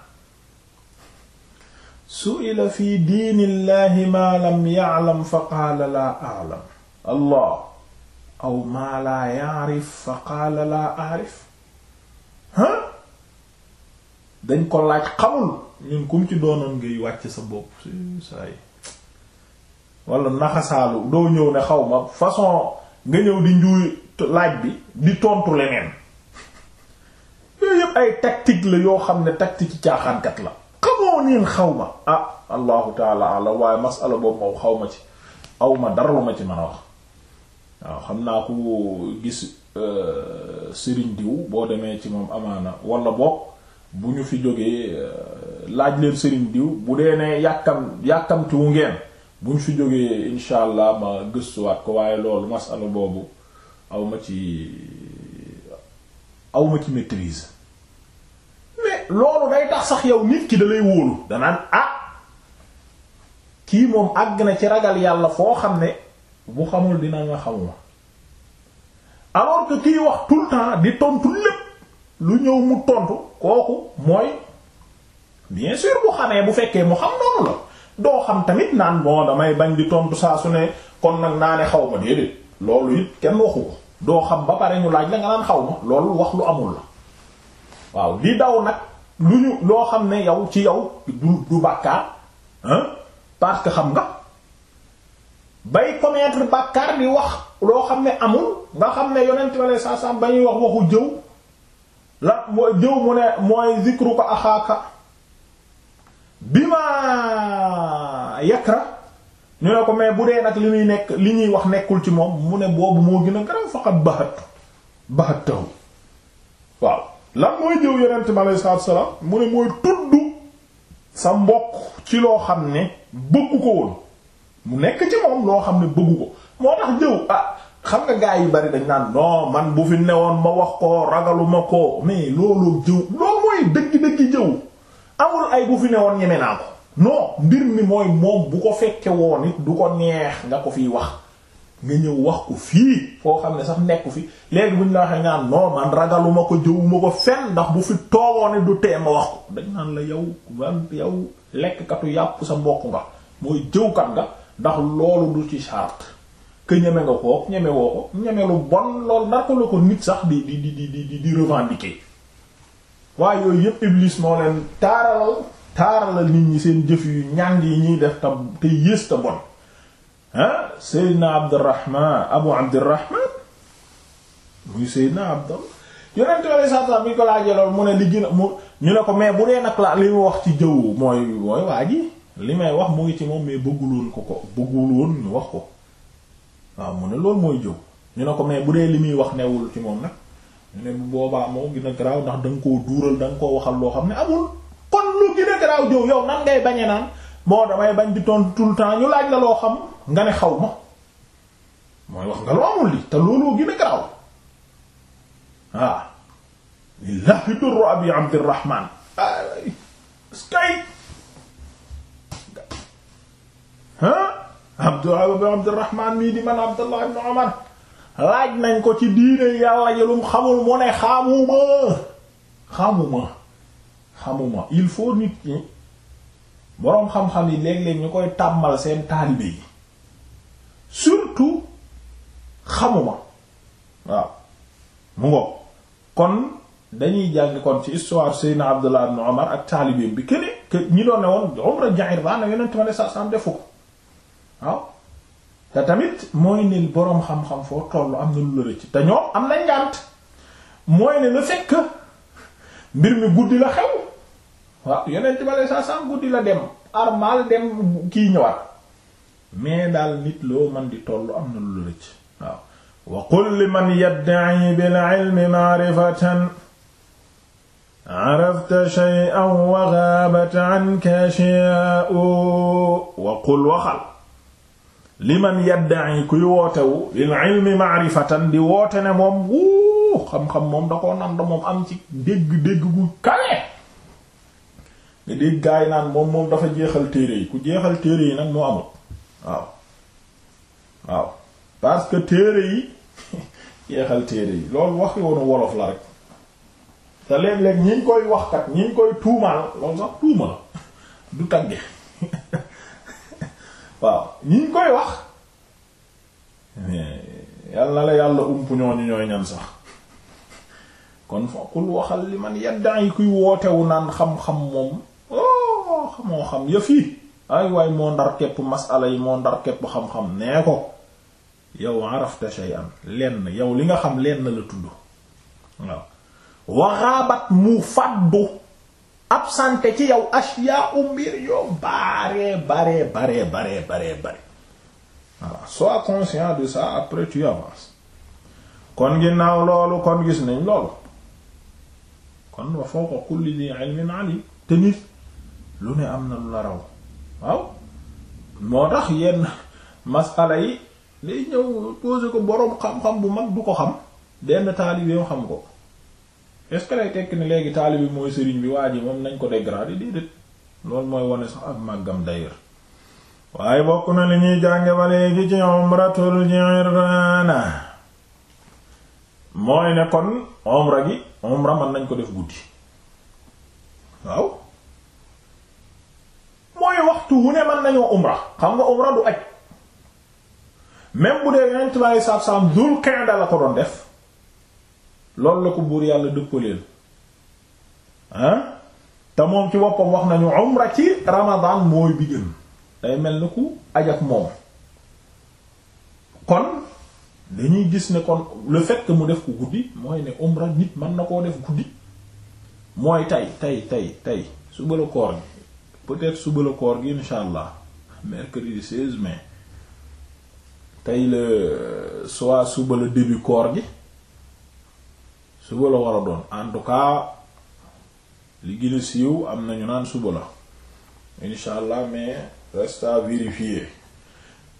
su'ila fi diinillahi maa lam ya'lam fa qaala laa a'lam Allah aw maa laa ya'rif fa qaala laa a'rif ha dañ ko laaj xamul ñun kum ci doonoon ngay wàcc sa bopp saa yi wala naxasaalu doo ñëw ne xaw ma façon nga ñëw di njuuy laaj bi di tontu la yooyu yëpp ay taktik la yoo xam ne tactique caaxaankat la xamoo neen xaw ma ah allahu taala ala waaye masala boobu moom xaw ma ci aw ma dara lu ma ci mën a wax waaw xam naa ko gis euh, sëriñ diw boo demee ci moom amaana wala bopp bu ñu fi jógee euh, laaj leen sëriñ diw bu dee ne yàkkam yàkkamtiwu ngeen bu ñu fi jógee incha allah ma gëstuwaat ko waaye loolu masala boobu awma ci awma ci maîtrise loolu day tax sax yow nit ki da wóolu danaan ah kii moom àgg na ci ragal yàlla foo xam ne bu xamul dina nga xamuma alors que kii wax tout le di tontu lépp lu ñëw mu tontu kooku mooy bien sûr bu xamee bu fekkee mu xam noonu la doo xam tamit naan bon damay bañ di tontu saa su ne kon nag naa ne xaw ma déedéet loolu it kenn waxu ko doo xam ba pare ñu laaj la nga naan xaw ma loolu wax lu amul la waaw di daw nag lu ñu loo xam ne yow ci yow du du bàkkaar parce que xam nga bay commettre bàkkaar di wax loo xam ne amul nga xam ne yonent wala saa saa ba ñuy wax waxu jëw la mooy jëw mu ne mooy zikru ko axaaka bi ma yakra ñu ne ko mais bu dee nag li ñuy nekk li ñuy wax nekkul ci moom mu ne boobu moo gën a garaw faqat baxat baxat taw waaw lan mooy jëw yonent mi aleyhi salaam mu ne mooy tudd sa mbokk ci loo xam ne bëggu ko woon mu nekk ci moom loo xam ne bëggu ko moo tax jëw ah xam nga gaa yi bari dañ naan non man bu fi newoon ma wax ko ragaluma ko mais loolu jëw loolu mooy dëgg-dëgg jëw amul ay bu fi newoon ñeme naa ko non mbir mi mooy moom bu ko fekke woon it du ko neex nga ko fiy wax nga ñëw wax fii foo xam ne sax nekku fi léegi bu ñu la waxee nga am man ragaluma ko jëwuma ko fenn ndax bu fi toogoon du tee ma wax ko dañ naan la yow man yow lekkkatu yàpp sa mbokk nga mooy jëwkat nga ndax loolu du ci charte que ñeme nga ko ñeme woo ko ñeme lu bon lool nar ko la ko nit sax di di di di di di revendiquer waaye yooyu yépp iblis moo leen taaralal taaralal nit ñi seen jëf yu ñàng yi ñuy def te te yées te bon ah Seydina Abdurrahman Abu Abdurrahman muy Seydina Abdallah yonent yore sax sax bi ko laajee lool mu ne li gën a mu ñu ne ko mais bu dee nag la li mu wax ci jëw mooy mooy li may wax mu ngi ci moom mais bëggul ko ko bëggul woon wax ko. waaw mu ne loolu mooy jëw ñu ne ko mais bu dee li muy wax newul ci moom nag ñu ne boobaa moo gën a garaaw ndax da koo duural da koo waxal loo xam ne amul kon lu gën a garaaw jëw yow nan ngay bañe naan moo damay bañ bi tontu tout le temps ñu laaj la loo xam nga ne xaw ma mooy wax nga lu amul li te looloo gën a garaaw waaw lillahi durru abi abdirahman skay ah abdu abdurrahman mii di man abdullah ibn omar laaj nañ ko ci diine yàlla yelum xamul mu ne xamuma xamuma xamuma il faut nit ñi boroom xam-xam yi léeg-léeg ñu koy tàmmal seen taalibe yi surtout xamuma waaw mu ngo kon dañuy jàng kon ci histoire Seydina Abdullah ibn Omar ak taalibeem bi kene que ñi doon ne woon umra Jairana yonent ma ne sa sam defu ko te tamit mooy ne boroom xam-xam foo tollu am na lu la rëcc te ñoom am nañ ngànt mooy ne le fait mbir mi guddi la xew waaw yeneen tibale saa saa guddi la dem armal dem kii ñëwaat mais daal nit loo man di tollu am na lu la rëcc waaw wa qul li man yadda'i bil ilmi ma'rifatan arafta shay'an wa ghabat wa qul man liman yadda'i kuy wootewu lil ilmi ma'rifatan di woote ne moom wuu xam-xam moom da koo nan da moom am ci dégg-dégg gu kawe nga dégg naan moom moom dafa jeexal téere yi ku jeexal téere yi nag moo amul waaw waaw parce que téere yi jeexal téere yi loolu wax woonu wolof la rek te léeg-léeg ñi ñu koy wax ñi ñu koy tuumaal loolu sax tuuma du tagge waaw ñi koy wax yal na la yàlla ump ñooñu ñooy ñan sax kon fokkul waxal li man yaddaa yi kuy wootewu naan xam-xam moom oh xamoo xam yëf yi ay waay moo ndar képp masala yi moo ndar képp xam-xam nee ko yow arafta shay'an lenn yow li nga xam lenn la tudd waaw waxaabat mu fàddu absenté ci yow ashyaa u mbir yoo bare bare bare bare bare bare voilà sois de ça après tu avances kon ginnaaw loolu kon gis nañ loolu kon wa fawqa kulli dhi ilmin alim te nit lu ne am na lu la raw waaw moo tax yenn masala yi day ñëw poser ko boroom xam-xam bu mag du ko xam benn taalibeem xam ko est-ce que lay tekki ni léegi taalibi mooy sëriñ bi waa ji moom nañ ko dégradé déedéet loolu mooy wane sax ak màggam d'ailleurs waaye bokk na li ñuy jànge ba léegi ci umratul Ji'rana mooy ne kon umra gi umra mën nañ ko def guddi waaw mooy waxtu wu ne mën nañoo umra xam nga umra du aj même bu dee yonent bi sallallahu alayhi wasallam Dul Qa'da la ko doon def loolu la ko buur yàlla dëppaleel ah te moom ci boppam wax nañu umra ci ramadan mooy bi gën day mel ni ku aj ak moom kon dañuy gis ni kon le fekk mu def ku guddi mooy ne umra nit mën na koo def guddi mooy tey tey tey tey suba la koor gi peut-être suba la koor gi insha allah mercredi 16 mais tey la soit suba la début koor gi suba la war a doon en tout cas li gën siiw am nañu naan suba la incha allah mais reste à vérifier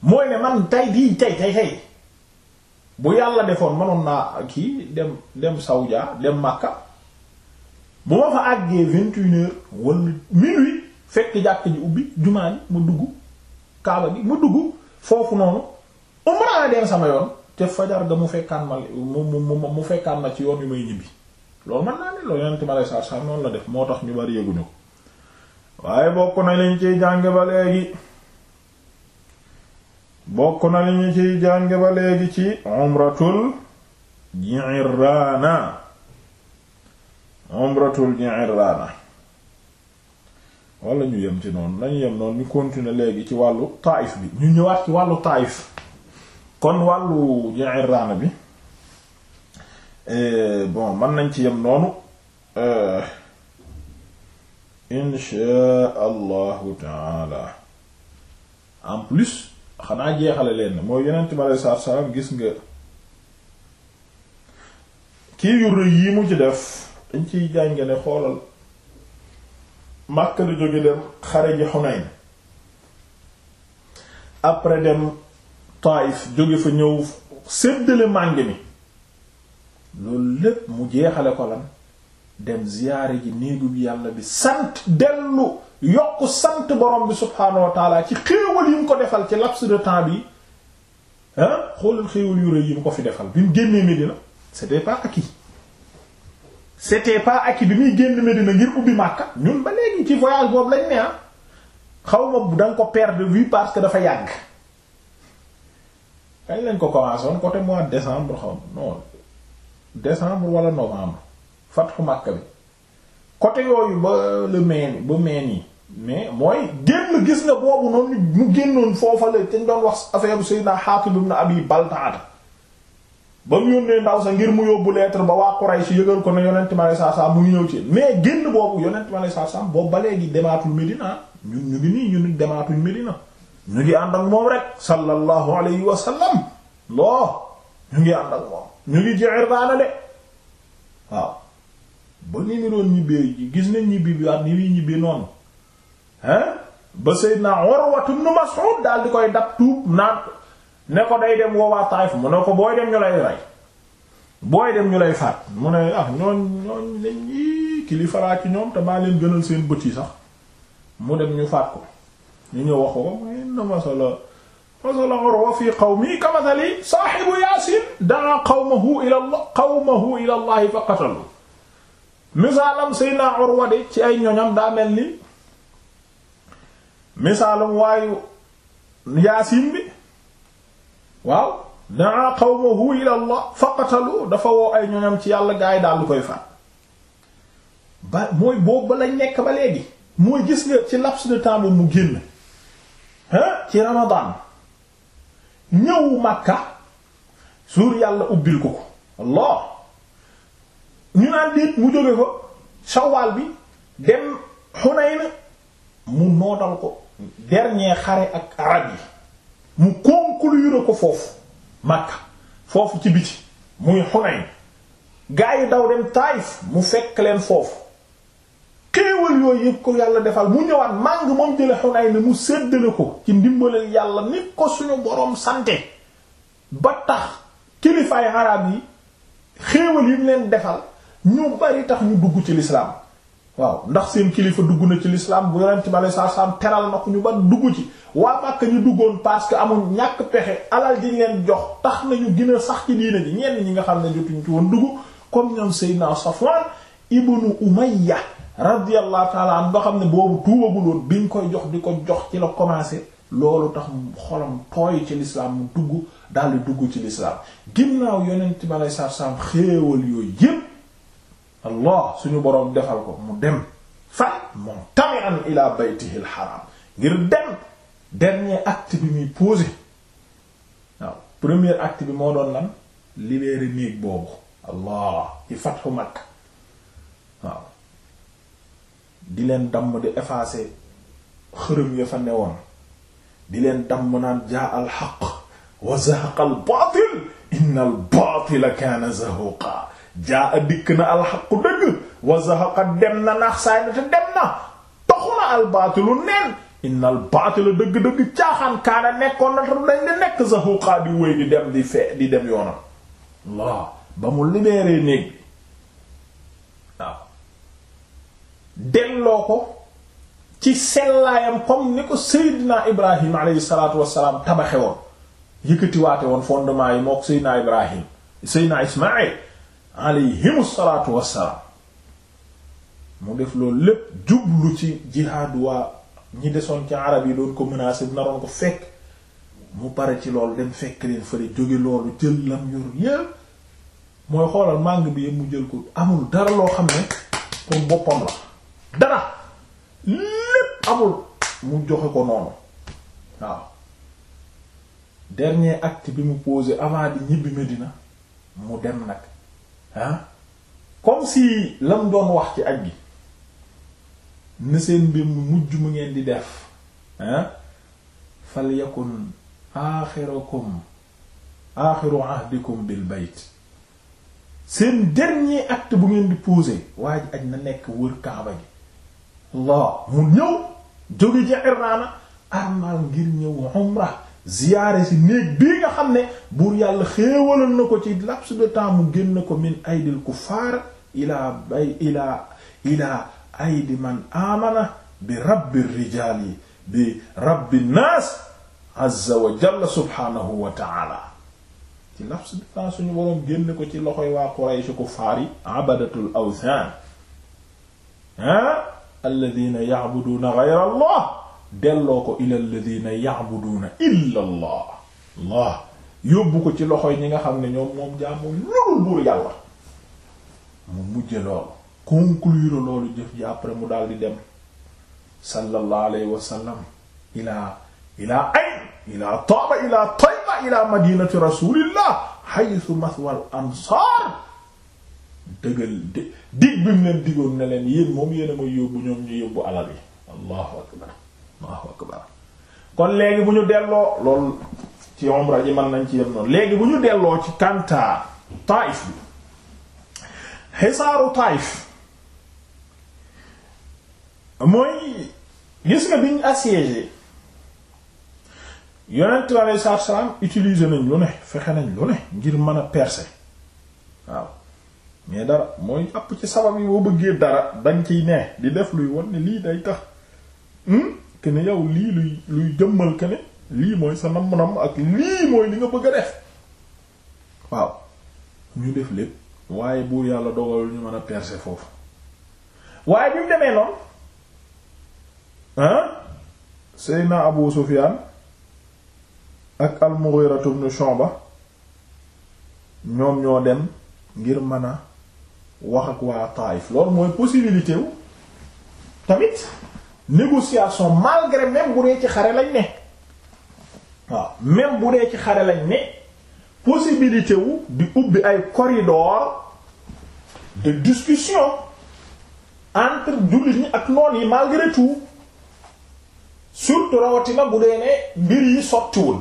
mooy ne man tey di tay tay bu yàlla defoon manoon naa kii dem dem Saudia dem Makka bu ma fa àggee vingt et une heures wala minuit fekk jàkk ji ubbi jumaa ji ma dugg kaaba gi mu dugg foofu noonu umra dem sama yoon te fajar ga mu fekkaan ma mu mu mu fekkaan ma ci yoon yu may ñibbi loolu mën naa ne loolu yonent ma lay saa saa noonu la def moo tax ñu bari yëguñu ko waaye bokk na na li ñu ciy jànge ba léegi ci umratul ji'rana umratul ji'rana wala ñu yem ci noonu lañu yem noonu continuer léegi ci wàllu taayif bi ñu ñëwaat ci wàllu taayif kon wàllu Ji'irraana bi eh, bon mën nañ ci yem noonu eh, inshaa allahu taala en plus xanaa jeexale leen mooy yonent ma aleyhi salaatu salaam gis nga kii yu rëy yi mu ci def dañ ciy jànge ne xoolal Makka la jóge dem xare ji Hunayn après dem Taif jóge fa ñëw séddale màng mi loolu lépp mu jeexale ko lan dem ziyaare ji néegu bi yàlla bi sant dellu yokk sant borom bi subhaanahu wa taala ci xéewal yi mu ko defal ci laps de temps bi ah xoolal xéewal yu rëy yi mu ko fi defal bi mu génnee Medina c'était pas acquis c'était pas acquis bi muy génn Medina ngir ubbi Makka ñun ba léegi ci voyage boobu lañ ne ah xaw ma da nga ko perdre de vue parce que dafa yàgg. kañ lañ ko commencé woon côté mois de décembre xaw non décembre wala novembre fatxu Makka bi côté yooyu ba le mais ba mais yi mais mooy génn gis nga boobu noonu mu génnoon foofa la te ñu doon wax affaire Seydina Hatib ibn Abi Baltaata ba mu yónnee ndaw sa ngir mu yóbbu lettre ba waa Quraysh yëgal ko ne yonent ma lay saa mu ngi ñëw ci mais génn boobu yonent ma lay saa boobu ba léegi demaatul Medina ñun ñu ngi nii ñun demaatul Medina ñu ngi ànd ak moom rek sallallahu alayhi wa loo ñu ngi ànd ak moom ñu ngi Ji'irraana de waaw ba ni mu doon ñibbee gis nañ ñibbi bi waat ni muy ñibbi noonu hein ba Seydina Urwatu ibn Mas'ud daal di koy dab tuub naan ne ko day dem woowaa Taayif mu ne ko booy dem ñu lay rey booy dem ñu lay faat mu ne ah ñooñ ñooñ lañ ñii kilifa ci ñoom te leen gënal seen bët yi sax mu dem ñu faat ko ñu ñëw wax ko inna masala masala Urwa fi qawmi kamathali saahibu Yaasin daa qawmahu ila Allah qawmahu ila Allah fa qatalu misaalam Seydina Urwa de ci ay ñoñam daa mel ni misaalam waayu Yaasin bi waaw daa qawmahu ila Allah fa dafa woo ay ñoñam ci yàlla gaay daal lu koy faat ba mooy boobu ba lañ nekk ba léegi mooy gis nga ci laps de temps mu génn ci ramadan ñëw makka suur yàlla ubbil ko ko allah ñu naan déet mu jóge ko sawaal bi dem Hunayn mu noodal ko dernier xare ak arab yi mu conclure ko foofu makka foofu ci biti muy Hunayn gaa yi daw dem Taayif mu fekk leen foofu xéewal yooyu yëpp ko yàlla defal mu ñëwaat màng moom jële xunay ni mu séddale ko ci ndimbalal yàlla nit ko suñu boroom sante ba tax kilifaay arab yi xéewal yi mu leen defal ñu bari tax ñu dugg ci lislaam waaw ndax seen kilifa dugg na ci lislaam bu yonent bi alei satu salaam teral na ko ñu ba dugg ci waa Makka ñu duggoon parce que amul ñàkk pexe alal ji leen jox tax nañu gën a sax ci diina ji ñenn ñi nga xam ne jotuñu ci woon dugg comme ñoom Seydina Safwan ibnu Umayya radiyallahu taala an nga xam ne boobu tuubaguloon bi ñu koy jox di ko jox ci la commencé loolu tax xolam tooy ci lislaam mu dugg daldi dugg ci lislaam ginnaaw yonent bi alei satu salaam xéewal yooyu yépp allah suñu boroom defal ko mu dem fa muntami'an ila baytihi alxaram ngir dem dernier acte bi muy posé waaw premier acte bi moo doon lan libérer néeg boobu allah ci fathu Makka di leen damm di effacer xërëm ya fa newoon di leen damm naan jaa al xaq wa zahaqa al baatil inna kaana zahuqa jaa a dikk na al xaqu dëgg wa zahaqa dem na naax saay na te dem na toxu na al neen inna al dëgg-dëgg caaxaan kaana nekkoon na tam dañ di nekk zahuqa di wéy di dem di fee di dem yoonam laa ba mu libéré néeg delloo ko ci sellaayam comme ni ko Seydina Ibrahim aleyhi salaatu wassalaam tabaxe woon yëkkatiwaate woon fondement yi mook Seydina Ibrahim Seydina Ismaïl aleyhimu wassalaam mu def loolu lépp jublu ci jihaad waa ñi desoon ci arab yi doon ko menacer naroon ko fekk mu pare ci loolu dem fekk leen fële jóge loolu jël lam yor yépp mooy xoolal màng bi yépp mu jël ko amul dara loo xam ne pour boppam la dara lépp amul mu joxe ko noonu waaw dernier acte bi mu posé avant di ñibbi Medina mu dem nag ah comme si lam doon wax ci aj gi na seen mbir mu mujj mu ngeen di def ah fal yakun aaxirakum aaxiru ahdikum bil bayt seen dernier acte bu ngeen di posé waa ji aj na nekk wër kaaba gi Allah mu ñëw jóge ci Irana armal ngir ñëw umra ziyaare si néeg bii nga xam ne buur yàlla xéewalal na ko ci laps de temps mu génn ko min aydil kufaar ilaa bay ilaa ilaa aydi man amana bi rabbi rijaal yi bi rabbi naas azza wa jalla wa taala génn ko ci loxo yu Quraysh kufaar yi abadatul awthan ah alladina ya'buduuna ghayra allah delloo ko ila alladina ya'buduuna ko ci loxoy ñi nga xam ne ñoom moom jaamu loolu buur yàlla mu mujje loolu conclure loolu jëf ji après daal di dem sallallahu alayhi ila ila ila taaba ila tayba ila madinati rasulillah haythu mathwal ansar dëggal dig bi mu leen digoon ne leen yéen moom yéen a yóbbu ñoom ñu yóbbu alal yi allahu akbar allahu akbar kon léegi bu ñu delloo loolu ci umra ji mën nañ ci yem noonu léegi bu ñu delloo ci kanta taif bi xisaaru taif mooy gis nga biñ assiégé yonent bi aleyhi salaam utiliser nañ lu ne fexe nañ lu ne ngir mën a percer waaw mais dara mooy àpp ci sabab yi boo bëggee dara dañ ci ne di def luy won ne lii day tax hmm? que ne yow lii luy luy jëmmal que lii mooy sa namm-namm ak lii mooy li nga bëgg a def waaw ñu def lépp waaye buur yàlla dogalul ñu mën a perse foofu waaye bi mu demee noonu ah Seyna Abu Sufyan ak al-Mughira ibn Shu'ba ñoom ñoo dem ngir mën a wax ak waa Taïf loolu mooy possibilité tamit négociation malgré même bu dee ci xare lañ ne waaw ci xare lañ ne possibilité di ubbi ay corridor de discussion entre jullit ak noon yi malgré tout surtout rawatina bu dee ne mbir yi sottiwul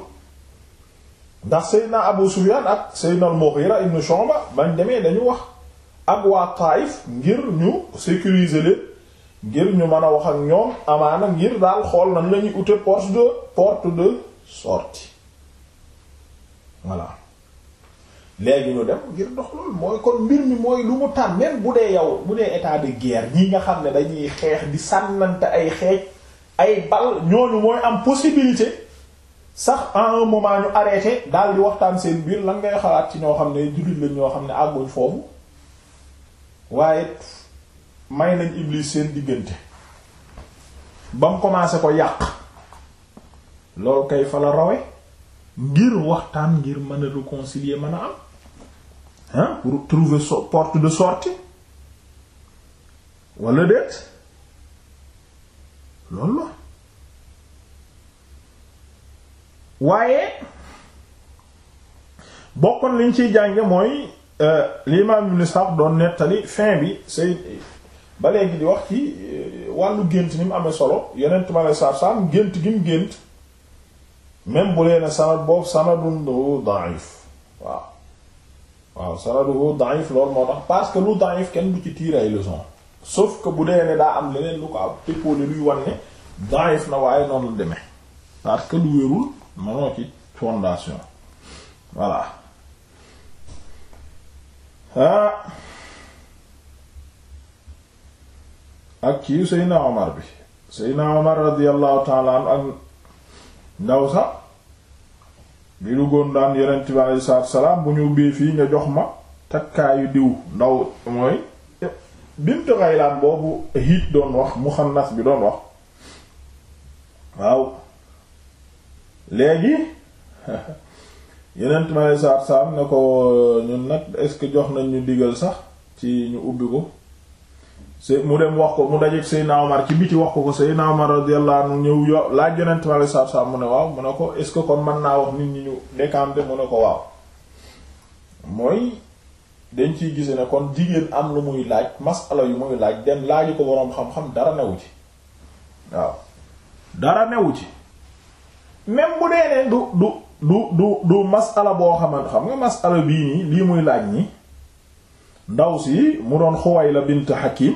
ndax Seydina Abu Sufyan ak Seydina al-Mughira ibn Shu'ba bañ demee dañu wax ak waa Taif ngir ñu sécuriser leen ngir ñu mën a wax ak ñoom amaana ngir daal xool nan lañuy ute porte de porte de sortie voilà léegi ñu dem ngir dox lool mooy kon mbir mi mooy lu mu tànn même bu dee yow bu dee état de guerre ñi nga xam ne dañuy xeex di sànnante ay xeex ay bal ñooñu mooy am possibilité sax à un moment ñu arrêté daal di waxtaan seen biir lan ngay xalaat ci ñoo xam ne jullit lañ ñoo xam ne àgguñ foofu. waaye may nañ Iblis seen diggante ba mu ko yàq loolu kay fa la rawe ngir waxtaan ngir mën a réconcilier mën a am hein pour trouver porte de sorti wala déet loolu la waaye bokkoon liñ ciy jànge mooy Euh, li imaam Ibn Sa'd doon nettali fin bi say ba léegi di wax ci euh, wàllu gént ni mu amee solo yeneen ma lay saar saam gént gi mu gént même bu leen sanad boobu sanaduhu da'if waaw waaw sanaduhu da'if loolu moo tax parce que lu da'if kenn bu ci tirer ay leçons sauf ko bu dee ne daa am leneen lu ko ab téppoole luy wan ne da'if na waaye noonu la demee parce que lu wérul mënoo ci fondation voilà ah ak kii Seydina Omar bi Seydina Omar radiyallahu ta'ala anhu ak ndaw sax bi duggoon daan yonent bi alayhi salaam bu ñu ubbee fii nga jox ma takkaayu diw ndaw mooy bint Ghaylaan boobu hiit doon wax muxannas bi doon wax waaw léegi yeneen ma saat saam ne ko ñun nag est que jox nañ ñu digal sax ci ñu ubbi ko mu dem wax ko mu dajeeg Seydina Omar ci biti wax ko ko Seydina Omar radiyallahu anhu ñëw yo laaj yonent ma saat saam mu ne waaw mu ne ko est que kon mën naa wax nit ñi ñu décanté mu ne ko waaw mooy dañ ci gise ne kon jigéen am lu muy laaj masala yu muy laaj dem laaj ko boroom xam-xam dara newu ci waaw dara newu ci même bu dee ne du du du du du masala boo xamante xam nga masala bii nii lii muy laaj ni ndaw si mu doon Xuwayla bint Hakim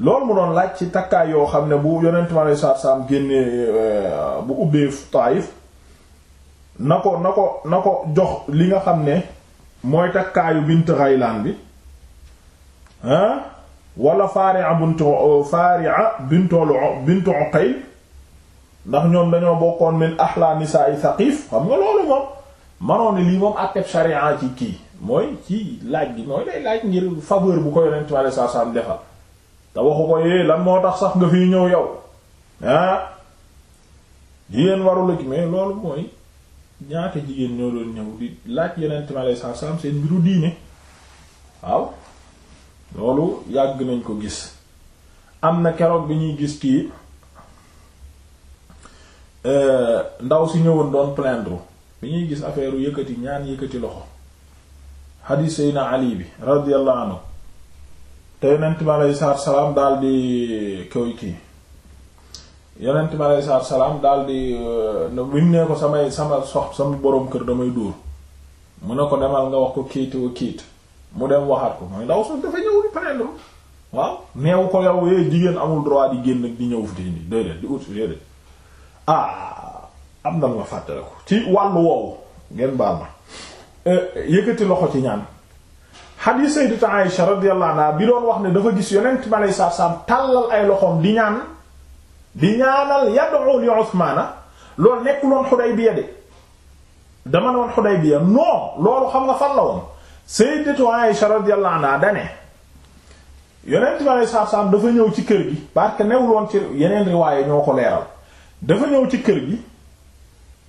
loolu mu doon laaj ci takkaay yoo xam ne bu yonent mi alei saatu salaam génnee euh, ubbee Taayif na ko na ko na ko jox li nga xam ne mooy takkaayu bint Ghaylaan bi walla wala Fari'a bint Fari'a bint Uqayl ndax ñoom dañoo bokkoon min ahla nisaa i thaqif xam nga loolu moom manoon ne lii moom àtteb sharia ci kii mooy ci laaj gi mooy lay laaj ngir faveur bu ko yonent bi saa saam defal te waxu ko yee eh, lan moo tax sax nga fiy ñëw yow ah jigéen warul ak mais loolu mooy ñaata jigéen ñoo doon ñëw laaj yonent bi saa saam seen mbiru diine waaw loolu yàgg nañ ko gis am na keroog bi ñuy gis kii. Euh, ndaw si ñëwoon doon plaindre bi ñuy gis affaire yëkkati ñaan yëkkati loxo xadiis Seydina Ali bi radiyallahu anhu te yonent bi aleyhi salaatu salaam daal di koy kii yonent bi aleyhi salaatu salaam daal di wiñ euh, nee ko samay sama sox sama boroom kër damay dóor mu ne ko demal nga wax ko kiit wa kiit mu dem waxaat ko mooy ndaw su dafa ñëw di plaindre waaw neew ko yow eh, jigéen amul droit yi génn di ñëw fi di déedéet di ut déedéet ah am na ma fàttale ko ci wàllu woowu ngeen baal ma eh, yëkkati loxo ci ñaan xadiis sayyidatu Aïsha radiyallahu anha bi doon wax ne dafa gis yonent mi alayhi salaatu salaam tàllal ay loxoom di ñaan di ñaanal yad'u li Usmaana loolu nekkuloon Xudaybiya de dama noon Xudaybiya non loolu xam nga fan la woon sayyidatu Aïsha radiyallahu anha dane yonent mi alayhi salaatu dafa ñëw ci kër gi parce que newuloon ci yeneen riwaaye ñoo ko leeral dafa ñëw ci kër gi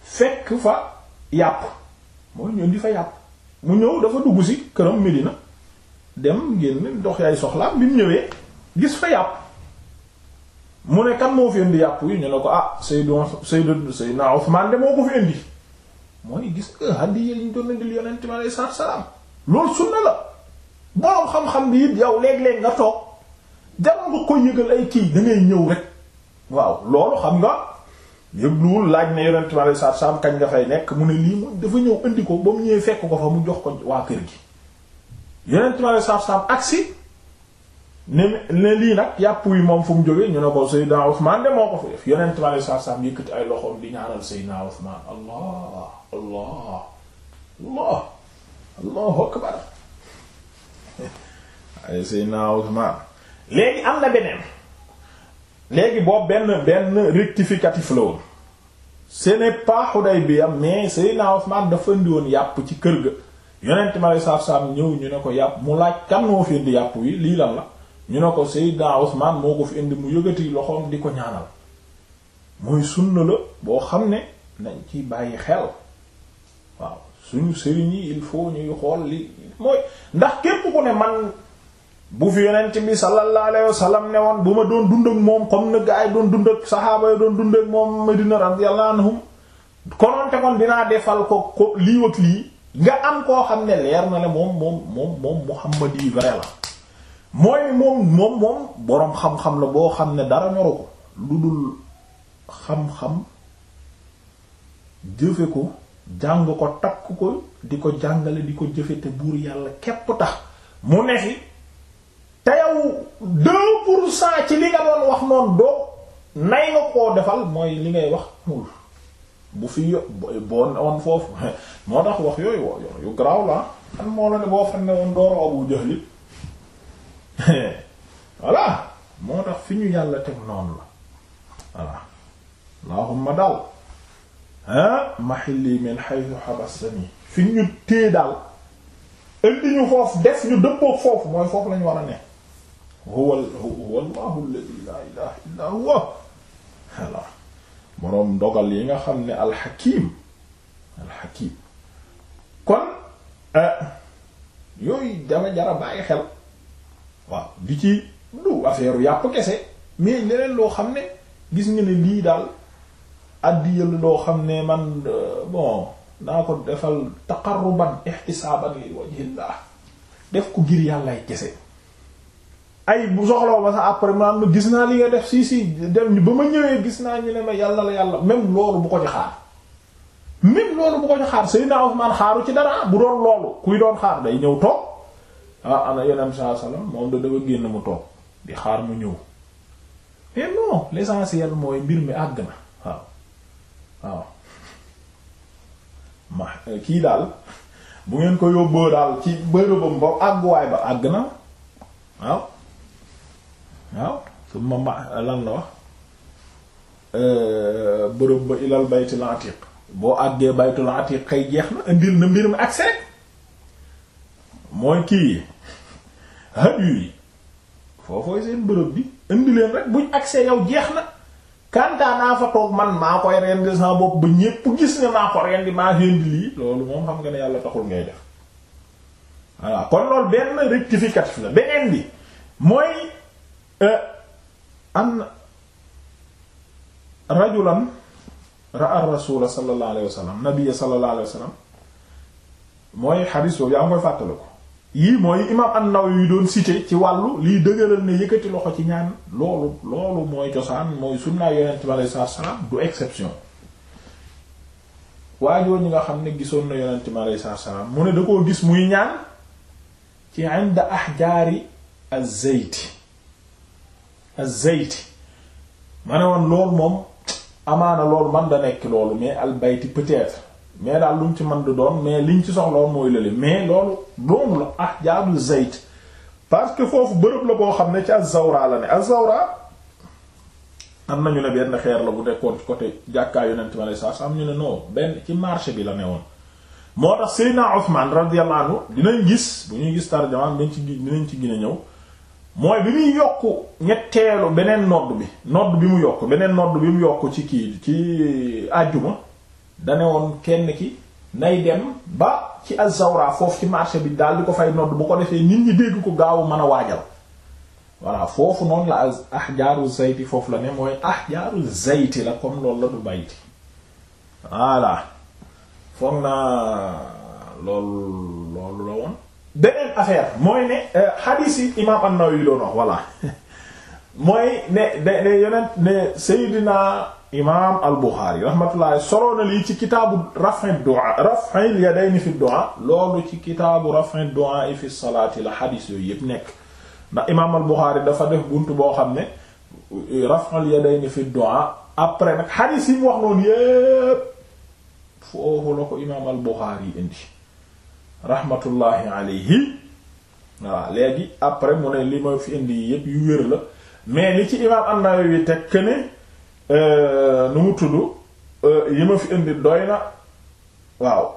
fekk fa yàpp mooy ñun di fa yàpp mu ñëw dafa dugg si këram Medina dem génn dox yaay soxlaam bi mu ñëwee gis fa yàpp mu ne kan moo fi indi yàpp yi ñu ne ko ah Seydou Seydou Seydina Ousmane de moo ko fi indi mooy gis e, hadiya yi ñu doon indil yonent bi alayhi salaatu salaam loolu sunna la boroom xam-xam bi it yow léeg-léeg nga toog jarul nga ko yëgal ay kii da ngay ñëw rek waaw loolu xam nga. yëgluwul laaj ne yonent bi alei satu kañ nga fay nekk mu ne lii mu dafa ñëw indi ko ba mu ñëwee fekk ko fa mu jox ko waa kër gi yonent bi alei satu salaam agsi ne ne lii nag yàpp wi moom fu mu jógee ñu ne ko Seydina Usmaan de moo ko fi def yonent bi alei satu salaam ay loxoom di ñaanal Seydina Usmaan allah allah allah allahu akbar ay Seydina Usmaan léegi am na beneen léegi boobu benn benn rectificatif la woon ce n'est pas Hudaybiya mais Seydina Usmaan dafa indi woon yàpp ci kër ga yonent ma lay saaf saaf ñëw ñu ne ko yàpp mu laaj kan moo fi indi yàpp wi lii lan la ñu ne ko Seydina Usmaan moo ko fi indi mu yëgati loxoom di ko ñaanal mooy sunna la boo xam ne nañ ci bàyyi xel waaw suñu sëriñ yi il faut ñuy xool li mooy ndax képp ku ne man. bu fi yonent bi sallallahu alayhi ne woon bu ma doon dund moom comme na gaa yi doon dund saxaaba yi doon dund moom Medina radiyallahu anhum konoonte kon dinaa defal ko ko lii lii nga am koo xam ne leer na la moom moom moom moom moom moom boroom xam-xam la boo xam ne dara ñoru ko lu dul xam-xam jëfe ko jàng ko takk ko di ko jàngale di ko jëfe te buur yàlla képp tax mu nexi te yow pour cent ci li nga wax noonu doo nay nga koo defal mooy li ngay wax mul bu fi yo- boo woon foofu moo tax wax yooyu yu garaaw la moo la xam ne woon dooro moo tax fi ñu yàlla teg noonu la voilà allahumma daal ah mahilli min haythu habasani fi ñu tee daal indi ñu foofu def ñu dëppook foofu mooy foofu lañu war a ne huwa huwa allahu alladhi la ilaha illa dogal yi nga xam ne alxakim alxakim kon eh, yooyu dama jarab bàyyi xel waaw di ci du affaire yàpp kese mais leneen loo xam ne gis nga ne lii daal àddi yël loo xam ne man euh, bon naa ko defal taqarruban ihtisaban li wajhillah def ko ngir yàllay kese ay bu soxlaw ma sax après maanaam ma gis naa li nga def si si dem ba ma ñëwee gis naa ñu ne ma yàlla la yàlla même loolu bu ko ci xaar même loolu bu ko ci xaar Seydina Usmaan xaaru ci dara bu doon loolu kuy doon xaar day ñëw toog ah ana yeneen saa salaam moom da dafa génn mu toog di xaar mu ñëw moo non l'essentiel mooy mbir mi àgg na waaw waaw ma kii daal bu ngeen ko yóbboo daal ci bërëbam ba àgguwaay ba àgg na waaw waaw summa ma lan la wax euh, bërëb ba ilal baytul atiq boo àggee baytul atiq kay jeex na indil na mbir mi accès mooy kii yi haj yi foofooy seen bërëb bi indi leen rek buñ accès yow jeex na kantaa naa fa toog man maa koy rendi sama bopp ba ñépp gis ne maa ko rendi maa rendi lii loolu moom xam nga ne yàlla taxul ngay def voilà kon loolu benn rectificatif la beneen bi mooy Eh, an rajulan ra'a rasula sallallahu alayhi wa sallam nabiyya sallallahu alayhi wa sallam mooy xadis boobu yaa ngi koy yii mooy imaam an-Nawawi doon cité ci wàllu liy dëgëral ne yëkkati loxo ci ñaan loolu loolu mooy cosaan mooy sunnaa yonent bi alayhi salaam du exception waajoo ñi nga xam ne gisoon na yonent bi alayhi salaam mu ne da koo gis muy ñaan ci inda ahjaari az-zayti a zayti ma ne woon loolu moom amaana loolu man da nekk loolu mais al-bayti peut mais daal lu ci man du doon mais liñ ci soxla woon mooy lële mais loolu doom la ah jaadu zayt parce que foofu bërëb la boo xam ne ci az-zawra la ne az-zawra am nañu ne benn xeer la bu nekkoon ci côté jàkkaa yonent ma lay sax am ñu ne non benn ci marché bi la ne woon moo tax Seydina Ousmane radiyallahu dinañ gis bu ñuy gis tarjamaan dinañ ci dinañ ci gën a ñëw mooy bi muy yokk ñetteelu beneen nodd bi nodd bi mu yokk beneen nodd bi mu yokk ci kii ci àjjuma dane woon kenn ki nay dem ba ci azawra foofu ci marché bi daal di ko fay nodd bu ko defee nit ñi dégg ko gaawu mën a waajal voilà foofu noonu la ahjaaru zayti foofu la ne mooy ahjaaru zayti la comme loolu la du bayti voilà foog naa loolu loolu la woon beneen affaire mooy ne euh, hadith yi imaam an-Nawawi doon wax voilà mooy ne ne ne yonent ne Seydina imaam al-Bukhari rahmatullahi soroon na lii ci kitaabu raf'id du'a raf'il yadayni fi du'a loolu ci kitaabu raf'id du'a fi salaati la hadith yooyu yëpp nekk ndax imaam al-Bukhari dafa def buntu boo xam ne raf'il yadayni fi du'a après nag hadith yi mu wax noonu yëpp foofu la ko imaam al-Bukhari indi. rahmatullahi alayhi waaw léegi après mu ne li ma fi indi yi yépp yu wér la mais li ci imaam an-Nawawi teg que ne euh, nu mu tudd euh, yi ma fi indi doy na waaw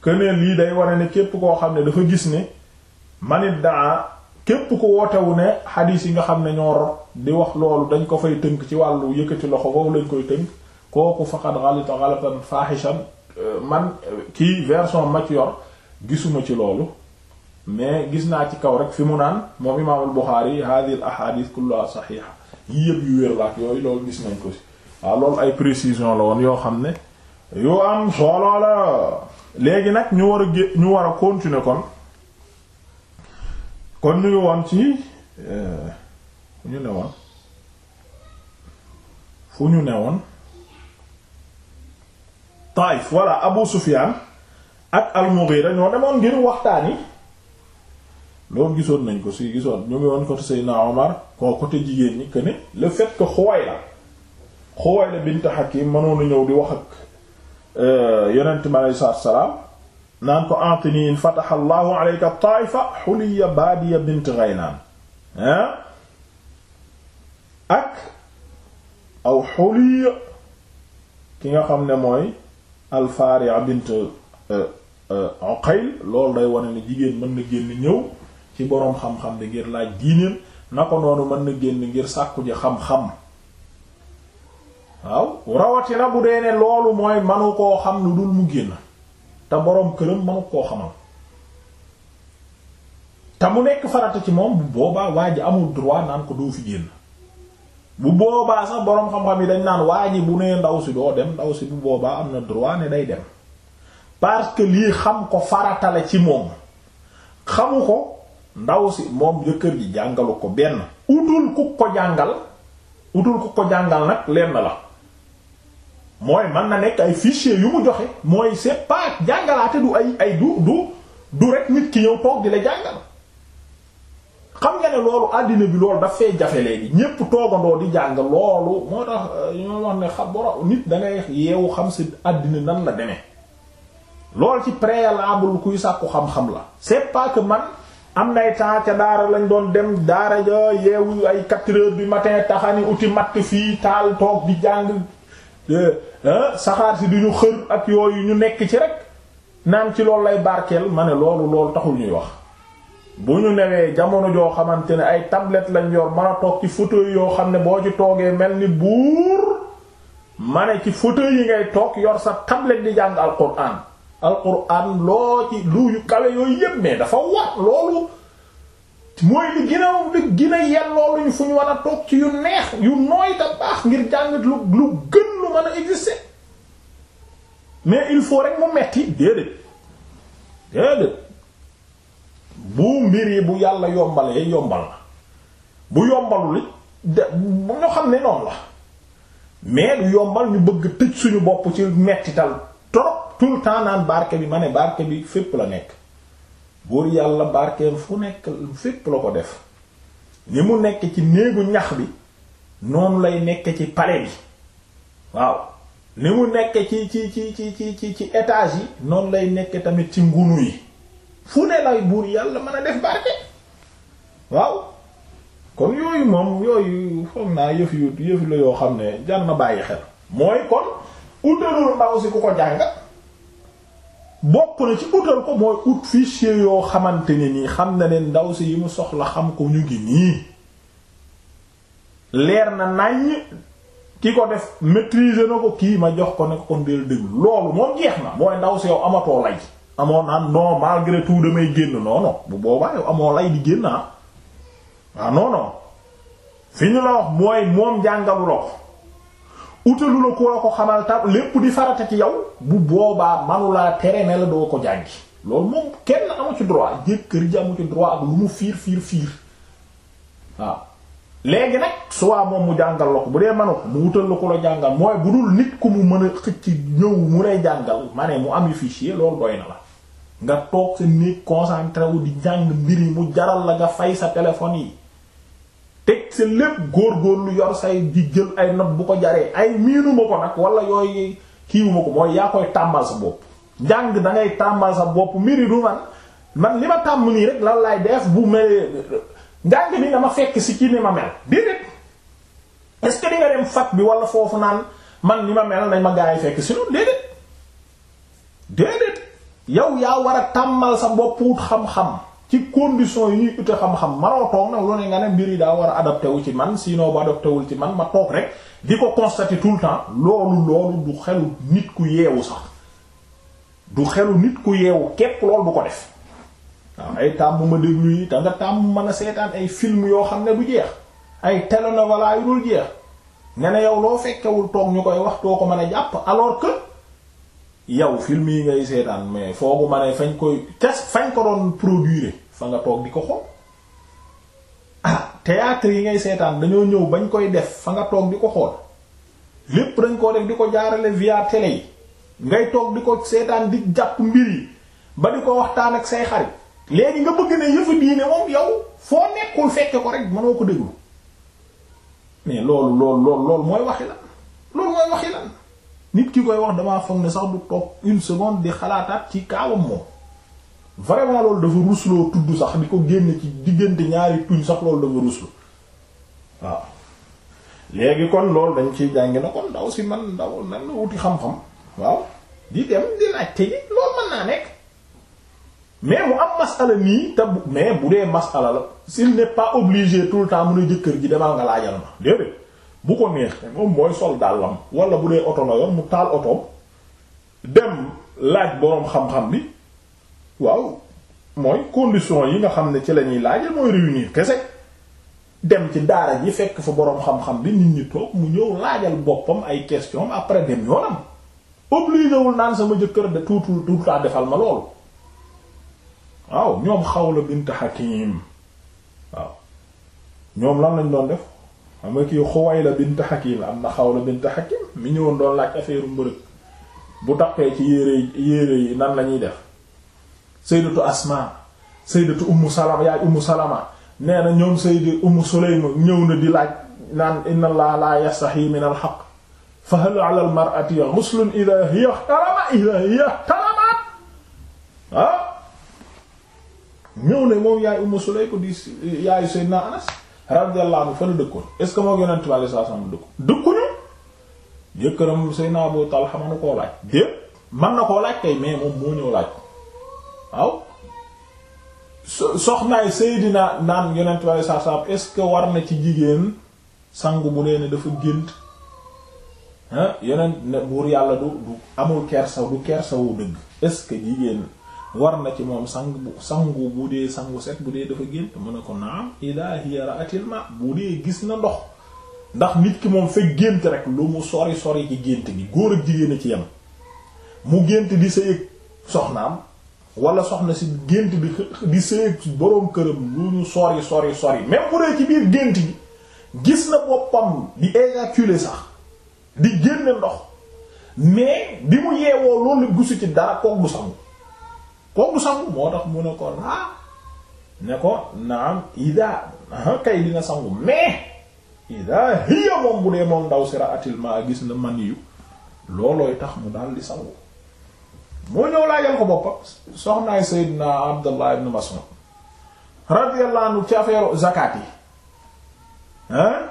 que lii day wane ne képp koo xam ne dafa gis ne manit daa képp ko wootewu ne xadiis yi nga xam ne ñoo rot di wax loolu dañ ko fay tënk ci wàllu yëkkati loxo foofu lañ koy tënk kooku faqad ghalita ghalatan fahishan euh, man kii version mature gisuma ci loolu mais gis naa ci kaw rek fi mu naan moom imaamul Buxaari hadhihi ahadith kulluha saxiixa yi yëpp yu wér la ak yooyu loolu gis nañ ko si waaw loolu ay précision la woon yoo xam ne yu am solo la léegi nag ñu war a gé ñu war a continuer kon kon ñu woon ci eh, ñu ne woon fu ñu ne woon Taif voilà Abu Sufyaan ak al-Mughira ñoo demoon ngir waxtaan yi loolu gisoon nañ ko si gisoon ñu ngi woon côté Seydina Omar koo côté jigéen ñi que ne le fait que Xuwayla Xuwayla bint Hakim mënoon ñëw di wax ak euh, yonent mi aleyhi salaatu salaam naan ko bint Ghaylan ak aw Huliya ki nga xam ne mooy al-Fari'a bint. Euh, Uqayl euh, loolu day wane ni jigéen mën na génn ñëw ci boroom xam-xam bi ngir laaj diineem na ko noonu mën na génn ngir sàkku ji xam-xam waaw rawatina bu dee ne loolu mooy manu koo xam lu dul mu génn te boroom këram manu koo xamal te mu nekk farata ci moom bu boobaa waa ji amul droit naan ko doo fi génn bu boobaa sax boroom xam-xam yi dañ naan waa ji bu nee ndaw si doo dem ndaw si bu boobaa am na droit ne day dem parce que lii xam ko faratale ci moom xamu ko ndaw si moom jëkkër ji jàngalu ko benn utul ku ko jàngal utul ku ko jàngal nag lenn la mooy mën na nekk ay fichier yu mu joxe mooy c'est pas jàngalaate du ay du du rek nit ki ñëw toog di la jàngal xam nga ne loolu àddina bi loolu daf jafe léegi ñépp toogandoo di jàng loolu moo tax euh, ñoo wax ne xam boro nit dangay yeewu xam si àddina nan la demee lool ci préalable kuy sàkku xam-xam la c'est pas man am nay temps ca daara lañ doon dem daara ja yeewu ay quatre heures matin taxani uti matt fii taal toog di jàng eh, eh, saxaar si duñu xër ak yooyu ñu nekk ci rek naan ci loolu lay barkeel ma ne loolu loolu taxul ñuy wax bu ñu newee jamono joo xamante ne ay tablette lañ yor mën a toog ci fauteuil yoo xam ne boo ci toogee mel ni buur ma ne ci fauteuil yi ngay toog yor sa tablette di jàng al alxuraan alquran loo ci lu yu kawe yooyu yëpp mais dafa war loolu mooy li gën a li gën a yelloo luñ fu ñu war a toog ci yu neex yu nooy da baax ngir jàngat lu gën lu mën a exister mais il faut rek mu metti déedéet déedéet bu mbir yi bu yàlla yombalee yombal na bu yombalu li de bu ñu xam ne noonu la mais lu yombal ñu bëgg tëj suñu bopp ci mettital trop tout temps naan barke bi ma ne barke bi fépp la nekk buur yàlla barkeem fu nekk fépp la ko def ni mu nekk ci néegu ñax bi noonu lay nekk ci palais bi waaw ni mu nekk ci ci ci ci ci ci étage yi noonu lay nekk tamit ci ngunu yi fu ne lay buur yàlla mën a def barke waaw kon yooyu moom yooyu foog naa yëf yu la yoo xam ne jar na bàyyi xel mooy kon utalul ndaw si ku ko jàng bokk na ci utal ko mooy ut fichier yoo xamante ni nii xam na ne ndaw si yi mu soxla xam ko ñu ngi nii leer na naññ ki ko def maîtriser na ko kii ma jox ko ne ko ndeel déglu loolu moom jeex na mooy ndaw si yow amatoo lay amoon naan non malgré tout damay génn non bu boobaa yow amoo lay di génn ah waaw fi ñu la wax mooy moom jàngalu la ko utalu la ku la ko xamal ta lépp di farata ci yow bu boobaa manulaa tere ne la doo ko jàngi loolu moom kenn amu ci droit jëkkër ji amu ci droit lu mu fiir fiir fiir waaw léegi nag soit moom mu jàngal la ko bu dee manu ko mu wutal la ko la jàngal mooy bu dul nit ku mu mën a xëcc ñëw mu lay jàngal ma ne mu am yu fichier loolu doy na la nga toog sa néeg concentré wu di jàng mbir yi mu jaral la nga fay sa téléphone yi teg sa lépp lu yor say di jël ay nopp bu ko jaree ay miinuma ko nag wala yooy kiiwuma ko mooy yaa koy tàmbal sa bopp njàng da ngay tàmbal sa bopp mbiri du man man li ma tàmb nii rek lan laay def bu mel njàng bi nga ma fekk si ci ni ma mel déedéet est-ce dem fac bi wala foofu naan man ni ma mel nañ ma gaa yi fekk si noonu déedéet déedéet yow yaa war a tàmbal sa bopp wut xam-xam ci condition yi ñuy ute xam-xam manoo toog nag lu nga ne mbir yi daa war a adapté wu ci man sinon bu adapté ci man ma toog rek di ko constater tout le temps loolu loolu du xelu nit ku yeewu sax du xelu nit ku yeewu képp loolu du ko def waaw ay tàmm ma déglu yi te nga tàmm mën a seetaan ay film yoo xam ne du jeex ay télénovela yu dul jeex nga ne yow loo fekkewul toog ñu koy wax doo ko mën a jàpp alors que yow film yi ngay seetaan mais foogu ma ne fañ koy cas fañ ko doon produire fa nga toog di ko xool ah théâtre yi ngay seetaan dañoo ñëw bañ koy def fa nga toog di ko xool lépp dañ koo def di ko jaarale via télé yi ngay toog di ko seetaan di jàpp mbir yi ba di ko waxtaan ak say xarit léegi nga bëgg ne yëfu diine moom yow foo nekkul fekke ko rek mënoo ko déglu mais loolu loolu loolu loolu mooy waxi lan loolu mooy waxi lan nit ki koy wax damaa foog ne sax du toog une seconde di xalaataat ci kaawam moom vraiment loolu dafa rusloo tudd sax di ko génne ci diggante ñaari tuñ sax loolu dafa ruslu waaw léegi kon loolu dañ ciy jàngi na kon ndaw si man ndaw nan la wuti xam-xam waaw di dem di laajte ji loolu mën naa nekk mais mu am masala nii te mais bu dee masala la s'il n'est pas obliger tout le temps mun a jëkkër ji demal nga laajal ma déedéet bu ko neexee moom mooy sol dàllam wala bu dee oto la yoon mu taal otoom dem laaj boroom xam-xam bi waaw mooy condition yi nga xam ne ci la ñuy laaj mooy réunir kese dem ci daara ji fekk fa boroom xam-xam bi nit ñi toog mu ñëw laajal boppam ay question après dem yoonam obligé wul naan sama jëkkër de tuutul tuutaa defal ma loolu waaw ñoom Xawla bint Hakim waaw ñoom lan lañ doon def. xam nga kii Xuwayla bint Hakim am na Xawla bint Hakim mi ñëwoon doon laaj affaire mbërëg bu taqee ci yére yére yi nan lañuy def sayyidatu Asma sayyidatu Ummu Salama yaay Ummu Salama nee na ñoom sayyidatu Ummu Sulaym ñëw na di laaj naan inna Allaha la yastahi min al fa hal 'ala al-mar'ati ghuslun idha hiya ihtarama idha hiya ah? ñëw ne moom yaay Ummu Sulaym di yaayu sayyidna Anas radiyallahu anhu fa la dëkkoon est ce que moo yonent bi alayhi salaam dëkku dëkkuñu jëkkëram Seydina Abu Talha manu koo laaj déet man na koo laaj kay mais moom moo ñëw laaj waaw soxnaay Seydina naan yonent bi alayhi salaam est war na ci jigéen sangu bu nee ne dafa gént ah yeneen buur yàlla du du amul kersa du kersa dëgg est jigéen war na ci moom sangu bu sangu bu dee sangu set bu dee dafa gént mu ne ko naam ida hiya ra'atil ma bu dee gis na ndox ndax nit ki moom fekk gént rek lu mu sori sori ci gént gi góor jigéen a ci yem mu gént di sëyeeg soxnaam wala soxna si gént di di sëyeeg boroom këram lu ñu sori sori sori même bu dee ci biir gént gi gis na boppam di éjaculer sax di génne ndox mais bi mu yeewoo loolu gusu ci dara koog du sangu kooku sangu moo tax mu ne ko ah ne ko naam ida ah, kay dina sangu mais ida hiya moom bu dee moom ndaw si raatil ma gis na man yu loolooy tax mu daal di sangu moo ñëw laajal ko boppam soxnaay Seydina Abdallah ibn Mas'ud radiyallahu anhu ci affaire zakat yi hein ah.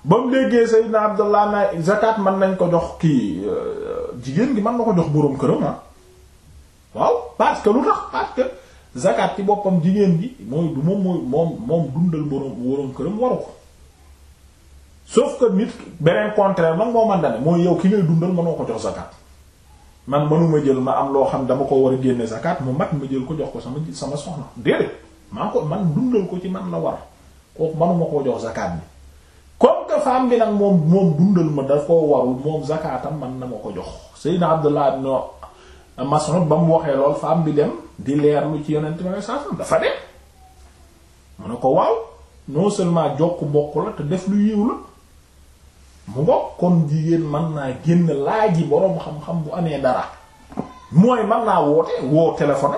ba mu déggee Seydina Abdallah na zakat mën nañ ko jox kii euh, jigéen gi man nga ko jox boroom këram ah. waaw parce que lu tax parce que ci boppam jigéen ji mooy du moom mooy moom moom dundal boroom woroom këram waru ko sauf beneen contraire nag moo man da ne mooy yow ki ngay dundal ko jox zakat man mënuma jël ma am loo xam dama ko war a génne zakat mu mat ma jël ko jox ko sama sama soxna déedéet maa ko man dundal ko ci man la war kooku manuma koo jox zakat bi comme que femme bi ma da ko warul moom zakatam man na ma ko jox Seydina laa ibn mason ba mu waxee lool femme bi dem di leer leerlu ci yonent ma saasam dafa dem mu ne ko waaw non seulement jokk mbokk la te def lu yiw la mu bokk kon jigéen man naa génn laaj yi boroom xam-xam bu amee dara mooy mën naa woote woo téléphone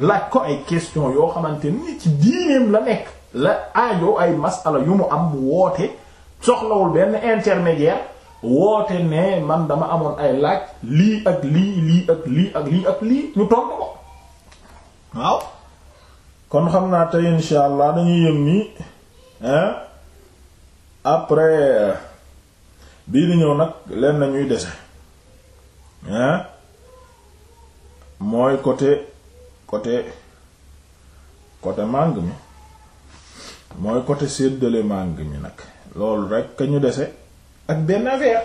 laaj ko ay question yoo xamante ni ci diineem la nekk la aajo ay masala yu mu am mu woote soxlawul benn intermédiaire woote ne man dama amoon ay laaj lii ak lii lii ak lii ak lii ak lii ñu tontu ko waaw kon xam naa te insha allah dañuy yëm nii hein après bii di ñëw nag leen nañuy dese hein mooy côté côté côté màng mi mooy côté séddale màng mi nag loolu rek ka ñu dese ak benn affaire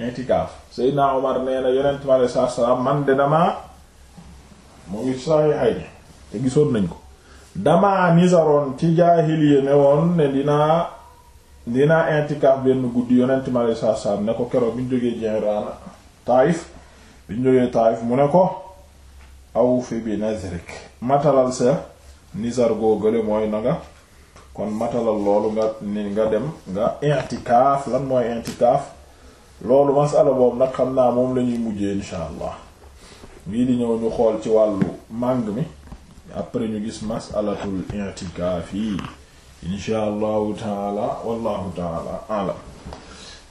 intikaaf Seydina Omar nee na yonent mi alayhi man de damaa mu ngi saxiixay te gisoon nañ ko dama nisaroon ci jaahiliya ne woon ne dinaa dinaa intikaaf benn guddi yonent mi alayhi ne ko keroog bi ñu jógee Ji'raana Taayif bi ñu jógee Taayif mu ne ko awfi bi nazrik matalal sa nisar googale mooy na kon matalal loolu nga ni nga dem nga intikaaf lan mooy intikaaf loolu masala boobu nag xam naa moom lañuy ñuy mujjee insha allah bii di ñëw ñu xool ci wàllu màng mi après ñu gis masalatul intikaaf yi insha allahu taala wallahu taala alam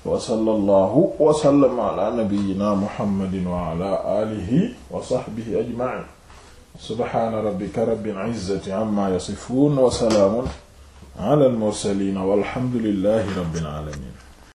wa sallallahu ala nabiyyina muhammadin wa ala alihi wa sahbihi ajma'in subhana rabbika rabbil izzati amma yasifun wa salaamun ala al mursaliin walhamdulillahi rabbil aalamiin